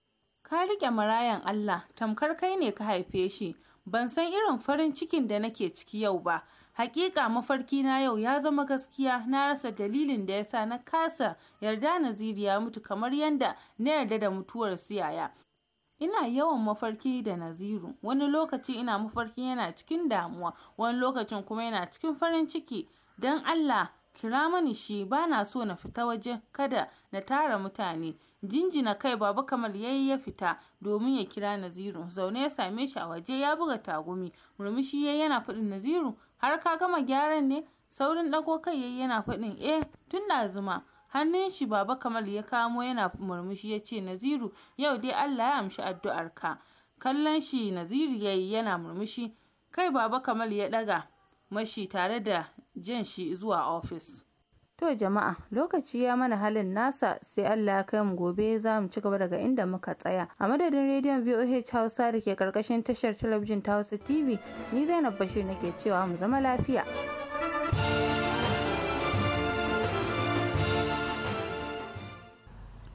ka rike marayan Allah tamkar kai ne ka haife shi ban san irin farin cikin da nake ciki yau ba hakika mafarki na yau ya zama gaskiya na rasa dalilin da yasa na kasa yarda Naziri ya mutu kamar yadda na yarda da mutuwar siyaya Ina yawan mafarki da Naziru, wani lokaci ina mafarki yana cikin damuwa, wani lokacin kuma yana cikin farin ciki. Don Allah kira mani shi, bana so na fita waje kada na tara mutane. Jinjina kai Baba kamar yayi ya fita domin ya kira Naziru. Zaune ya same shi a waje ya buga tagumi. Murmushi yayi yana faɗin Naziru, har ka gama gyaran ne? Saurin ɗago kai yayi yana faɗin eh tun zuma Hannun shi Baba Kamal ya kamo yana murmushi ya ce, Naziru yau dai Allah ya amshi addu'arka. Kallon shi Naziru ya yi yana murmushi, kai Baba Kamal ya ɗaga mashi tare da jan shi zuwa ofis. To jama'a lokaci ya mana halin nasa sai Allah ya kai mu gobe za mu ci gaba daga inda muka tsaya. A madadin rediyon VOH Hausa da ke karkashin tashar talabijin ta Hausa TV ni Zainab Bashir nake cewa mu zama lafiya.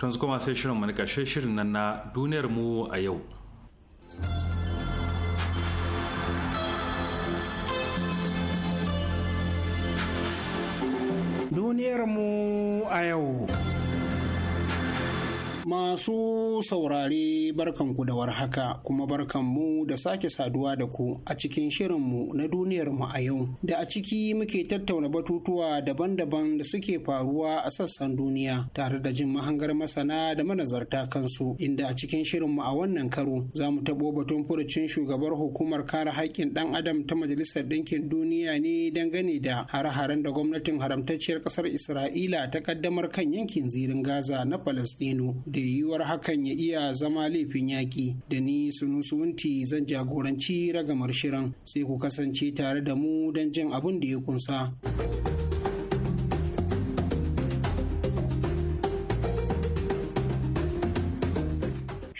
tun kuma sai shirin na ƙarshe shirin nan na duniyar mu a yau duniyar mu a yau Masu saurare barkanku da warhaka kuma barkanmu da sake saduwa da ku a cikin shirinmu na duniyarmu a yau da a ciki muke tattauna batutuwa daban-daban da suke faruwa a sassan duniya tare da jin mahangar masana da manazarta kansu inda a cikin shirinmu a wannan karo za mu taɓo batun furucin shugabar hukumar kare haƙƙin ɗan adam ta majalisar ɗinkin duniya ne dangane da hare-haren da gwamnatin haramtacciyar ƙasar Isra'ila ta ƙaddamar kan yankin zirin Gaza na falastinu da yiwuwar hakan ya iya zama laifin yaƙi da ni sunusunti zan jagoranci ragamar shirin sai ku kasance tare da mu don jin abin da ya kunsa.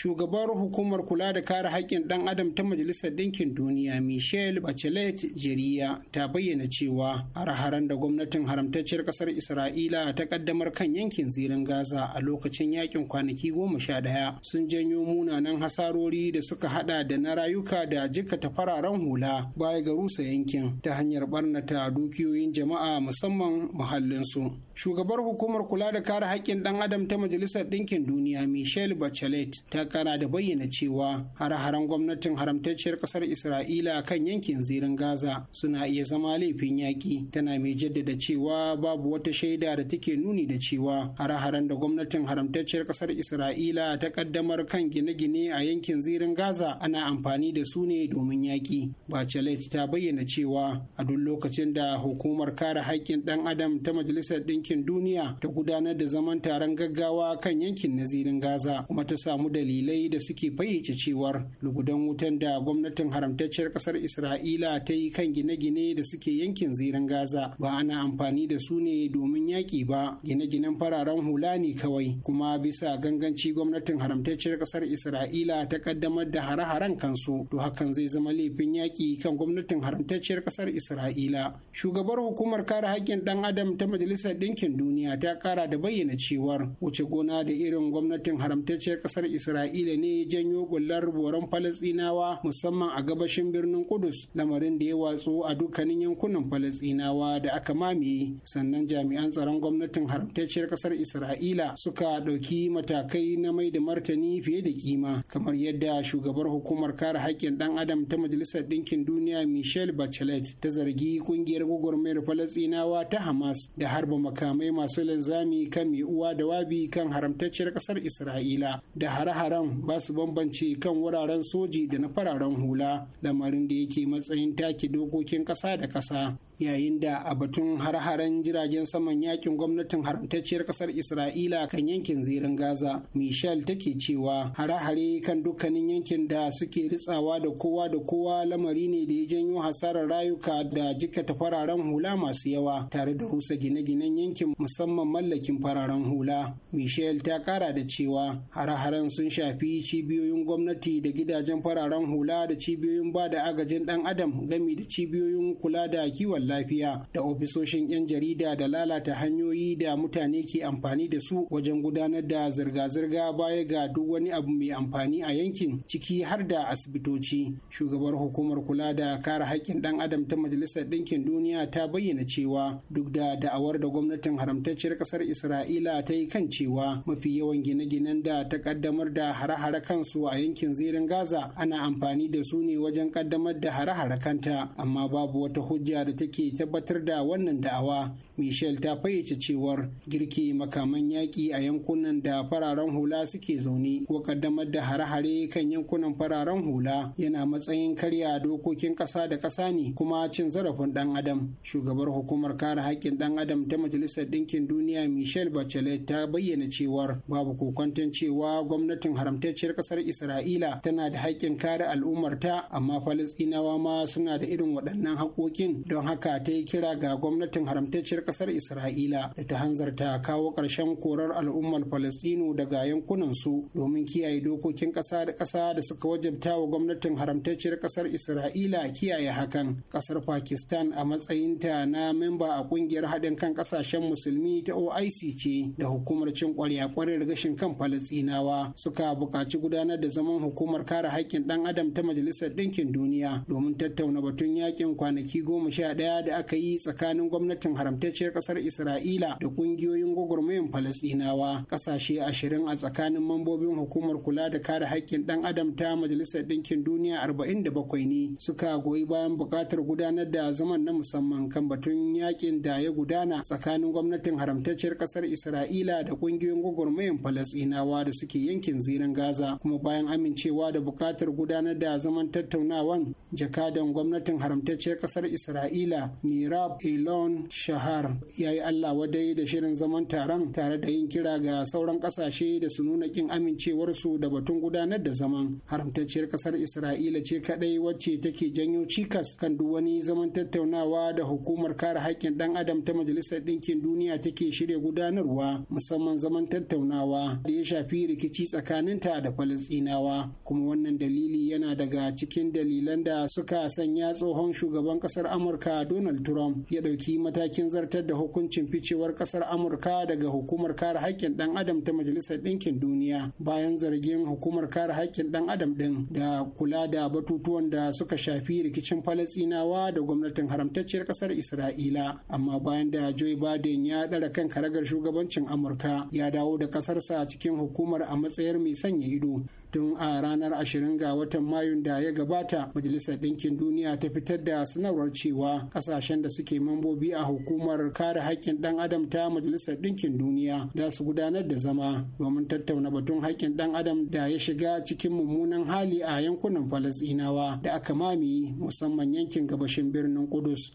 shugabar hukumar kula da kare haƙƙin ɗan adam ta majalisar ɗinkin duniya Michel bachelet jeriya ta bayyana cewa har da gwamnatin haramtacciyar ƙasar isra'ila ta ƙaddamar kan yankin zirin gaza a lokacin yakin kwanaki goma sha ɗaya sun janyo munanan hasarori da suka haɗa da na rayuka da jikata fararen hula baya ga rusa yankin ta hanyar ɓarnata dukiyoyin jama'a musamman muhallin su. shugabar hukumar kula da kare haƙƙin ɗan adam ta majalisar ɗinkin duniya Michel bachelet ta kana da bayyana cewa har-haren gwamnatin haramtacciyar kasar isra'ila kan yankin zirin gaza suna iya zama laifin yaƙi tana mai jaddada cewa babu wata shaida da take nuni da cewa har-haren da gwamnatin haramtacciyar kasar isra'ila ta kaddamar kan gine-gine a yankin zirin gaza ana amfani da su ne domin yaƙi bachelet ta bayyana cewa a duk lokacin da hukumar kare haƙƙin ɗan adam ta majalisar ɗinkin duniya ta gudanar da zaman taron gaggawa kan yankin na zirin gaza kuma ta samu dalilai dalilai da suke fayyace cewar lugudan wutan da gwamnatin haramtacciyar kasar isra'ila ta yi kan gine-gine da suke yankin zirin gaza ba ana amfani da su ne domin yaƙi ba gine-ginen fararen hula ne kawai kuma bisa ganganci gwamnatin haramtacciyar kasar isra'ila ta kaddamar da hare-haren kansu to hakan zai zama laifin yaƙi kan gwamnatin haramtacciyar kasar isra'ila shugabar hukumar kare haƙƙin ɗan adam ta majalisar ɗinkin duniya ta kara da bayyana cewar wuce gona da irin gwamnatin haramtacciyar kasar isra'ila isra'ila ne janyo bullar boran falasɗinawa musamman a gabashin birnin kudus lamarin da ya watsu a dukkanin yankunan falasɗinawa da aka mamaye sannan jami'an tsaron gwamnatin haramtacciyar ƙasar isra'ila suka ɗauki matakai na mai da martani fiye da kima kamar yadda shugabar hukumar kare haƙƙin ɗan adam ta majalisar ɗinkin duniya michelle bachelet ta zargi ƙungiyar gwagwarmayar falasɗinawa ta hamas da harba makamai masu linzami kan mai uwa da wabi kan haramtacciyar ƙasar isra'ila da hare-haren iran ba su bambance kan wuraren soji da na fararen hula lamarin da yake matsayin take dokokin ƙasa da ƙasa yayin da a batun har-haren jiragen saman yakin gwamnatin haramtacciyar ƙasar isra'ila kan yankin zirin gaza michel take cewa har-hare kan dukkanin yankin da suke ritsawa da kowa da kowa lamari ne da ya janyo hasarar rayuka da jikata fararen hula masu yawa tare da rusa gine-ginen yankin musamman mallakin fararen hula michel ta kara da cewa har-haren sun sha shafi cibiyoyin gwamnati da gidajen fararen hula da cibiyoyin ba da agajin ɗan adam gami da cibiyoyin kula da kiwon lafiya da ofisoshin 'yan jarida da lalata hanyoyi da mutane ke amfani da su wajen gudanar da zirga-zirga baya ga duk wani abu mai amfani a yankin ciki har da asibitoci shugabar hukumar kula da kare haƙƙin ɗan adam ta majalisar ɗinkin duniya ta bayyana cewa duk da da'awar da gwamnatin haramtacciyar ƙasar isra'ila ta yi kan cewa mafi yawan gine-ginen da ta ƙaddamar da hare-hare kansu a yankin zirin Gaza ana amfani da su ne wajen kaddamar da hare-hare kanta amma babu wata hujja da take tabbatar da wannan da'awa. Michel ta fayyace cewar girki makaman yaƙi a yankunan da fararen hula suke zaune ko kaddamar da hare-hare kan yankunan fararen hula yana matsayin karya dokokin ƙasa da ƙasa ne kuma cin zarafin ɗan adam. Shugabar hukumar kare haƙƙin ɗan adam ta Majalisar Ɗinkin Duniya Michel Bachelet ta bayyana cewar babu kokwanton cewa gwamnatin haramtacciyar kasar isra'ila tana da haƙƙin kare al'ummarta amma falastinawa ma suna da irin waɗannan haƙoƙin don haka ta yi kira ga gwamnatin haramtacciyar kasar isra'ila da ta hanzarta kawo ƙarshen korar al'ummar falasɗinu daga yankunan su domin kiyaye dokokin ƙasa da ƙasa da suka wajabta wa gwamnatin haramtacciyar kasar isra'ila kiyaye hakan ƙasar pakistan a matsayinta na memba a ƙungiyar haɗin kan ƙasashen musulmi ta oic ce da hukumar cin ƙwarya ƙwarin gashin kan falasɗinawa suka a buƙaci gudanar da zaman hukumar kare haƙƙin ɗan adam ta majalisar ɗinkin duniya domin tattauna batun yakin kwanaki goma sha ɗaya da aka yi tsakanin gwamnatin haramtacciyar ƙasar isra'ila da ƙungiyoyin gwagwarmayin falasɗinawa ƙasashe ashirin a tsakanin mambobin hukumar kula da kare haƙƙin ɗan adam ta majalisar ɗinkin duniya arba'in da bakwai ne suka goyi bayan buƙatar gudanar da zaman na musamman kan batun yakin da ya gudana tsakanin gwamnatin haramtacciyar ƙasar isra'ila da ƙungiyoyin gwagwarmayin falasɗinawa da suke yankin zira zirin gaza kuma bayan amincewa da buƙatar gudanar da zaman tattaunawan jakadan gwamnatin haramtacciyar ƙasar isra'ila mirab elon shahar ya yi allah wadai da shirin zaman taron tare da yin kira ga sauran ƙasashe da su nuna kin amincewarsu da batun gudanar da zaman haramtacciyar ƙasar isra'ila ce kadai wacce take janyo cikas kan duk wani zaman tattaunawa da hukumar kare haƙƙin ɗan adam ta majalisar ɗinkin duniya take shirya gudanarwa musamman zaman tattaunawa da ya shafi rikici tsakanin tsakaninta da falasinawa kuma wannan dalili yana daga cikin dalilan da suka sanya tsohon shugaban kasar amurka donald trump ya ɗauki matakin zartar da hukuncin ficewar kasar amurka daga hukumar kare haƙƙin ɗan adam ta majalisar ɗinkin duniya bayan zargin hukumar kare haƙƙin ɗan adam ɗin da kula da batutuwan da suka shafi rikicin falasinawa da gwamnatin haramtacciyar kasar isra'ila amma bayan da joe biden ya ɗara kan karagar shugabancin amurka ya dawo da kasarsa cikin hukumar a matsayar mai sanya ido tun a ranar 20 ga watan mayun da ya gabata majalisar ɗinkin duniya ta fitar da sanarwar cewa ƙasashen da suke mambobi a hukumar kare haƙƙin ɗan adam ta majalisar ɗinkin duniya za su gudanar da zama domin tattauna batun haƙƙin ɗan adam da ya shiga cikin mummunan hali a yankunan falasɗinawa da aka mamaye musamman yankin gabashin birnin kudus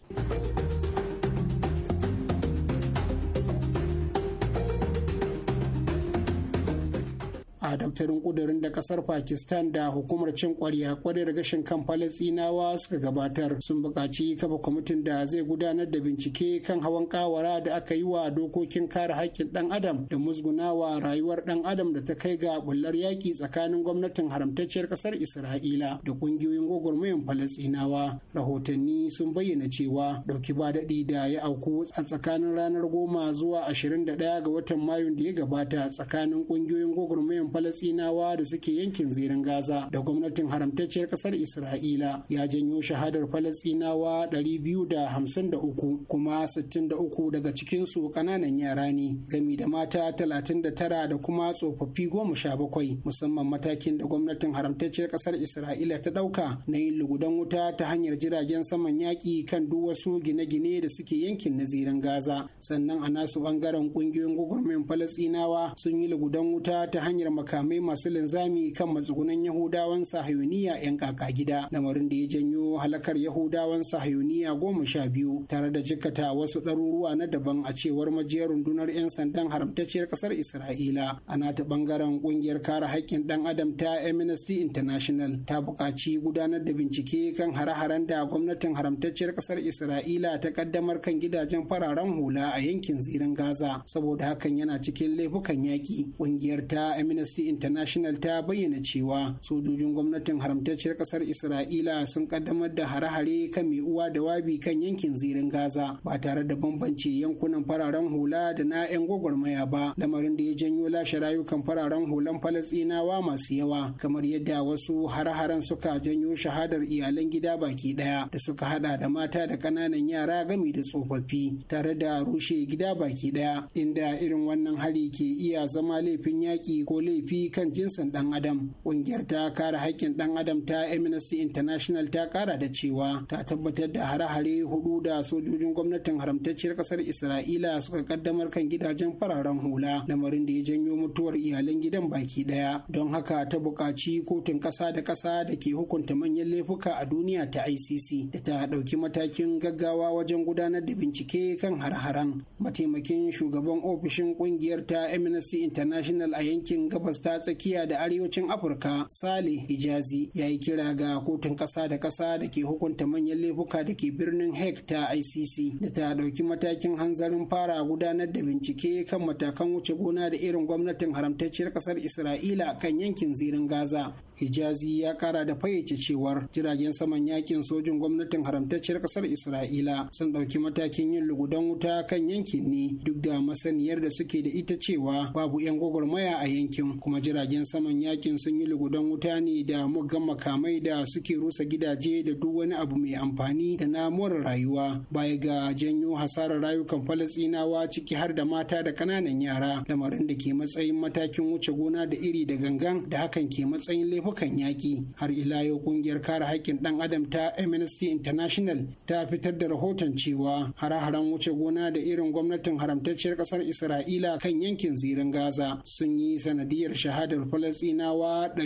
a daftarin kudurin da kasar pakistan da hukumar cin kwarya kwarai da gashin kan falastinawa suka gabatar sun buƙaci kafa kwamitin da zai gudanar da bincike kan hawan kawara da aka yi wa dokokin kare haƙƙin ɗan adam da musgunawa rayuwar ɗan adam da ta kai ga bullar yaƙi tsakanin gwamnatin haramtacciyar ƙasar isra'ila da ƙungiyoyin gwagwarmayan falastinawa rahotanni sun bayyana cewa ɗauki ba daɗi da ya auku a tsakanin ranar goma zuwa ashirin da ɗaya ga watan mayun da ya gabata tsakanin ƙungiyoyin gwagwarmayan falasinawa da suke yankin zirin gaza da gwamnatin haramtacciyar kasar isra'ila ya janyo shahadar falasinawa 253 kuma 63 daga cikinsu kananan yara ne gami da mata 39 da kuma tsofaffi 17 musamman matakin da gwamnatin haramtacciyar kasar isra'ila ta dauka na yin lugudan wuta ta hanyar jiragen saman yaƙi kan duk wasu gine-gine da suke yankin na zirin gaza sannan a nasu bangaren ƙungiyoyin gwagwarmayin falasinawa sun yi lugudan wuta ta hanyar makamai masu linzami kan matsugunan yahudawan sahayuniya 'yan kaka gida lamarin da ya janyo halakar yahudawan sahayuniya goma sha biyu tare da jikata wasu ɗaruruwa na daban a cewar majiyar rundunar 'yan sandan haramtacciyar ƙasar isra'ila ana ta ɓangaren ƙungiyar kare haƙƙin ɗan adam ta amnesty international ta buƙaci gudanar da bincike kan hare-haren da gwamnatin haramtacciyar ƙasar isra'ila ta ƙaddamar kan gidajen fararen hula a yankin zirin gaza saboda hakan yana cikin laifukan yaƙi ƙungiyar ta amnesty amnesty international ta bayyana cewa sojojin gwamnatin haramtacciyar kasar isra'ila sun kaddamar da hare-hare kan mai uwa da wabi kan yankin zirin gaza ba tare da bambanci yankunan fararen hula da na 'yan gwagwarmaya ba lamarin da ya janyo lashe rayukan fararen hulan falastinawa masu yawa kamar yadda wasu hare-haren suka janyo shahadar iyalan gida baki ɗaya da suka hada da mata da ƙananan yara gami da tsofaffi tare da rushe gida baki ɗaya inda irin wannan hari ke iya zama laifin yaƙi ko laifin laifi kan jinsin ɗan adam ƙungiyar ta kare haƙƙin ɗan adam ta amnesty international ta ƙara da cewa ta tabbatar da hare-hare hudu da sojojin gwamnatin haramtacciyar ƙasar isra'ila suka kaddamar kan gidajen fararen hula lamarin da ya janyo mutuwar iyalan gidan baki ɗaya don haka ta buƙaci kotun ƙasa da ƙasa da ke hukunta manyan laifuka a duniya ta icc da ta ɗauki matakin gaggawa wajen gudanar da bincike kan har-haren mataimakin shugaban ofishin ƙungiyar ta amnesty international a yankin gabas gabas ta tsakiya da arewacin afirka sale Ijazi ya yi kira ga kotun ƙasa da ƙasa da ke hukunta manyan laifuka da ke birnin hek ta icc da ta dauki matakin hanzarin fara gudanar da bincike kan matakan wuce gona da irin gwamnatin haramtacciyar ƙasar isra'ila kan yankin zirin gaza hijazi ya kara da fayyace cewar jiragen saman yakin sojin gwamnatin haramtacciyar ƙasar isra'ila sun ɗauki matakin yin lugudan wuta kan yankin ne duk da masaniyar da suke da ita cewa babu 'yan gwagwarmaya a yankin kuma jiragen saman yakin sun yi lugudan wuta ne da muggan makamai da suke rusa gidaje da duk wani abu mai amfani da namuwar rayuwa baya ga janyo hasarar rayukan falastinawa ciki har da mata da ƙananan yara lamarin da ke matsayin matakin wuce gona da iri da gangan da hakan ke matsayin laifukan yaƙi har ila yau kungiyar kare haƙƙin ɗan adam ta amnesty international ta fitar da rahoton cewa hare-haren wuce gona da irin gwamnatin haramtacciyar ƙasar isra'ila kan yankin zirin gaza sun yi sanadiyar shahadar da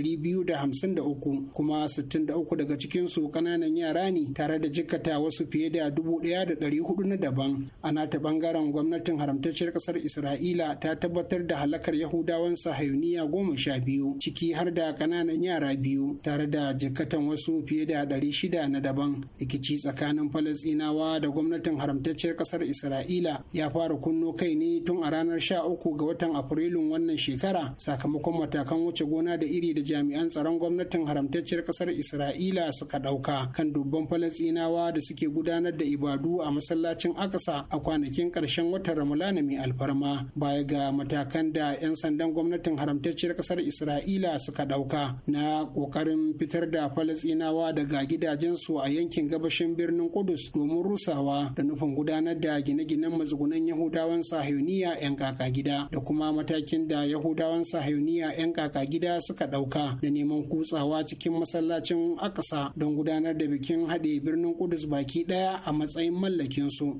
253 kuma 63 daga cikinsu ƙananan yara ne tare da jikata wasu fiye da dubu ɗaya da ɗari 1,400 na daban a nata ɓangaren gwamnatin haramtacciyar ƙasar isra'ila ta tabbatar da halakar yahudawan sahayuniya goma sha biyu ciki har da ƙananan yara biyu tare da jikatan wasu fiye da ɗari shida na daban rikici tsakanin Falasinawa da gwamnatin haramtacciyar ƙasar isra'ila ya fara kunno kai ne tun a ranar sha uku ga watan afrilun wannan shekara sakamakon matakan wuce gona da iri da jami'an tsaron gwamnatin haramtacciyar ƙasar isra'ila suka ɗauka kan dubban Falasinawa da suke gudanar da ibadu a masallacin akasa a kwanakin ƙarshen watan ramulana mai alfarma baya ga matakan da 'yan sandan gwamnatin haramtacciyar ƙasar isra'ila suka ɗauka na na kokarin fitar da falasinawa daga gidajensu a yankin gabashin birnin kudus domin rusawa da nufin gudanar da gine-ginen matsugunan yahudawan Sahauniya 'yan kaka gida da kuma matakin da yahudawan Sahauniya 'yan kaka gida suka ɗauka da neman kutsawa cikin masallacin akasa don gudanar da bikin haɗe birnin kudus baki ɗaya a matsayin mallakinsu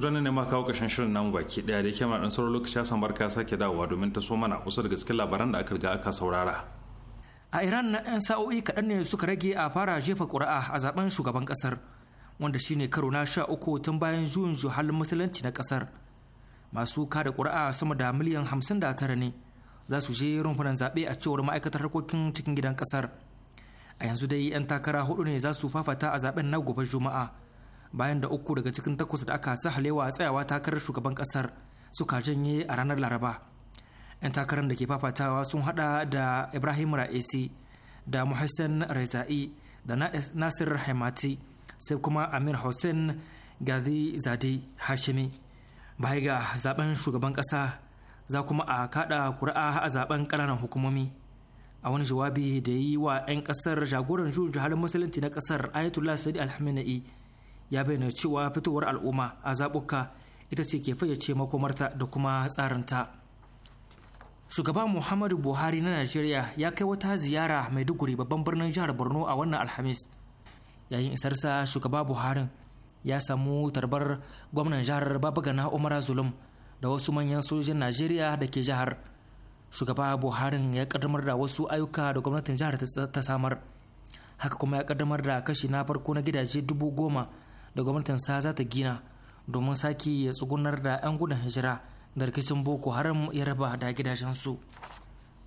to don ne ma kawo kashin shirin namu baki daya da yake mana dan sauran lokaci san barka sake dawowa domin ta so mana kusa da gaske labaran da aka riga aka saurara a iran na yan sa'o'i kaɗan ne suka rage a fara jefa ƙuri'a a zaben shugaban kasar wanda shine karo na sha uku tun bayan juyin juhal musulunci na ƙasar masu da ƙuri'a sama da miliyan hamsin da tara ne za su je rumfunan zaɓe a cewar ma'aikatar harkokin cikin gidan kasar a yanzu dai 'yan takara hudu ne za su fafata a zaben na gobe juma'a bayan da uku daga cikin takwas da aka sahalewa a tsayawa takarar shugaban kasar suka janye a ranar laraba 'yan takarar da ke fafatawa sun hada da ibrahim ra'isi da muhassan raizai da nasir haimati sai kuma amir hussein gazi zade hashimi baya ga zaben shugaban kasa za kuma a kada kuri'a a zaben kananan hukumomi a wani jawabi da yi wa 'yan kasar jagoran juyin halin musulunci na kasar ayatollah sadi alhamina'i ya bayyana cewa fitowar al'umma a zaɓuka ita ce ke fayyace makomarta da kuma tsarinta shugaba muhammadu buhari na najeriya ya kai wata ziyara mai duguri babban birnin jihar borno a wannan alhamis yayin isarsa shugaba buhari ya samu tarbar gwamnan jihar babagana umara zulum da wasu manyan sojojin najeriya da ke jihar shugaba buhari ya kaddamar da wasu ayyuka da gwamnatin jihar ta samar haka kuma ya kaddamar da kashi na farko na gidaje dubu goma da gwamnatin sa za ta gina domin sake ya tsugunar da 'yan gudun hijira da rikicin boko haram ya raba da gidajensu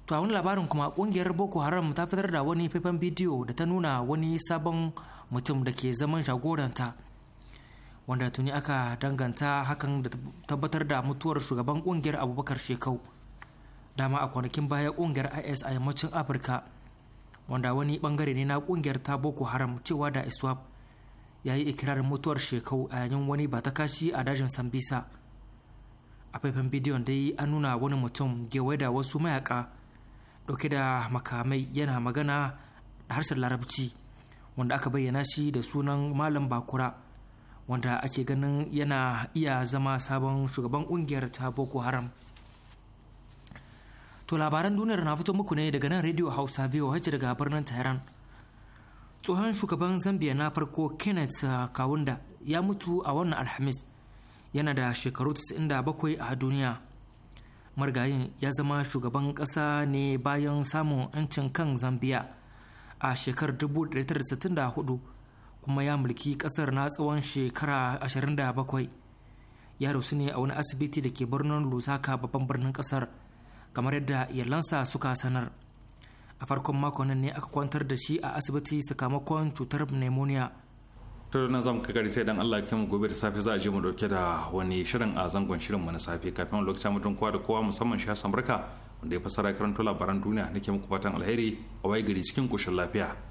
to a wani labarin kuma kungiyar boko haram ta fitar da wani faifan bidiyo da ta nuna wani sabon mutum da ke zaman jagoranta wanda tuni aka danganta hakan da tabbatar da mutuwar shugaban kungiyar abubakar shekau dama a kwanakin baya kungiyar is a yammacin afirka wanda wani bangare ne na kungiyar ta boko haram cewa da iswap ya yi ikirarin mutuwar shekau a yayin wani ba ta kashi a dajin sambisa a faifan bidiyon dai an nuna wani mutum gewaye da wasu mayaka dauke da makamai yana magana da harshen larabci wanda aka bayyana shi da sunan malam bakura wanda ake ganin yana iya zama sabon shugaban kungiyar ta boko haram to labaran duniyar na fito muku ne daga nan radio hausa voh daga birnin tehran tsohon shugaban zambia na farko kenneth kawunda ya mutu a wannan alhamis yana da shekaru 97 a duniya margayin ya zama shugaban ƙasa ne bayan samun 'yancin kan zambia a shekar 1964 kuma ya mulki ƙasar na tsawon shekara 27 ya rasu ne a wani asibiti da ke birnin lusaka babban birnin ƙasar kamar yadda iyalansa suka sanar a farkon makon nan ne aka kwantar da shi a asibiti sakamakon cutar pneumonia to nan zamu kai sai dan Allah kai mu gobe da safe za a je mu dauke da wani shirin a zangon shirin mu na safe kafin mu lokacin mutum kowa da kowa musamman shi Hassan Barka wanda ya fassara karanto labaran duniya nake muku fatan alheri a waye gari cikin koshin lafiya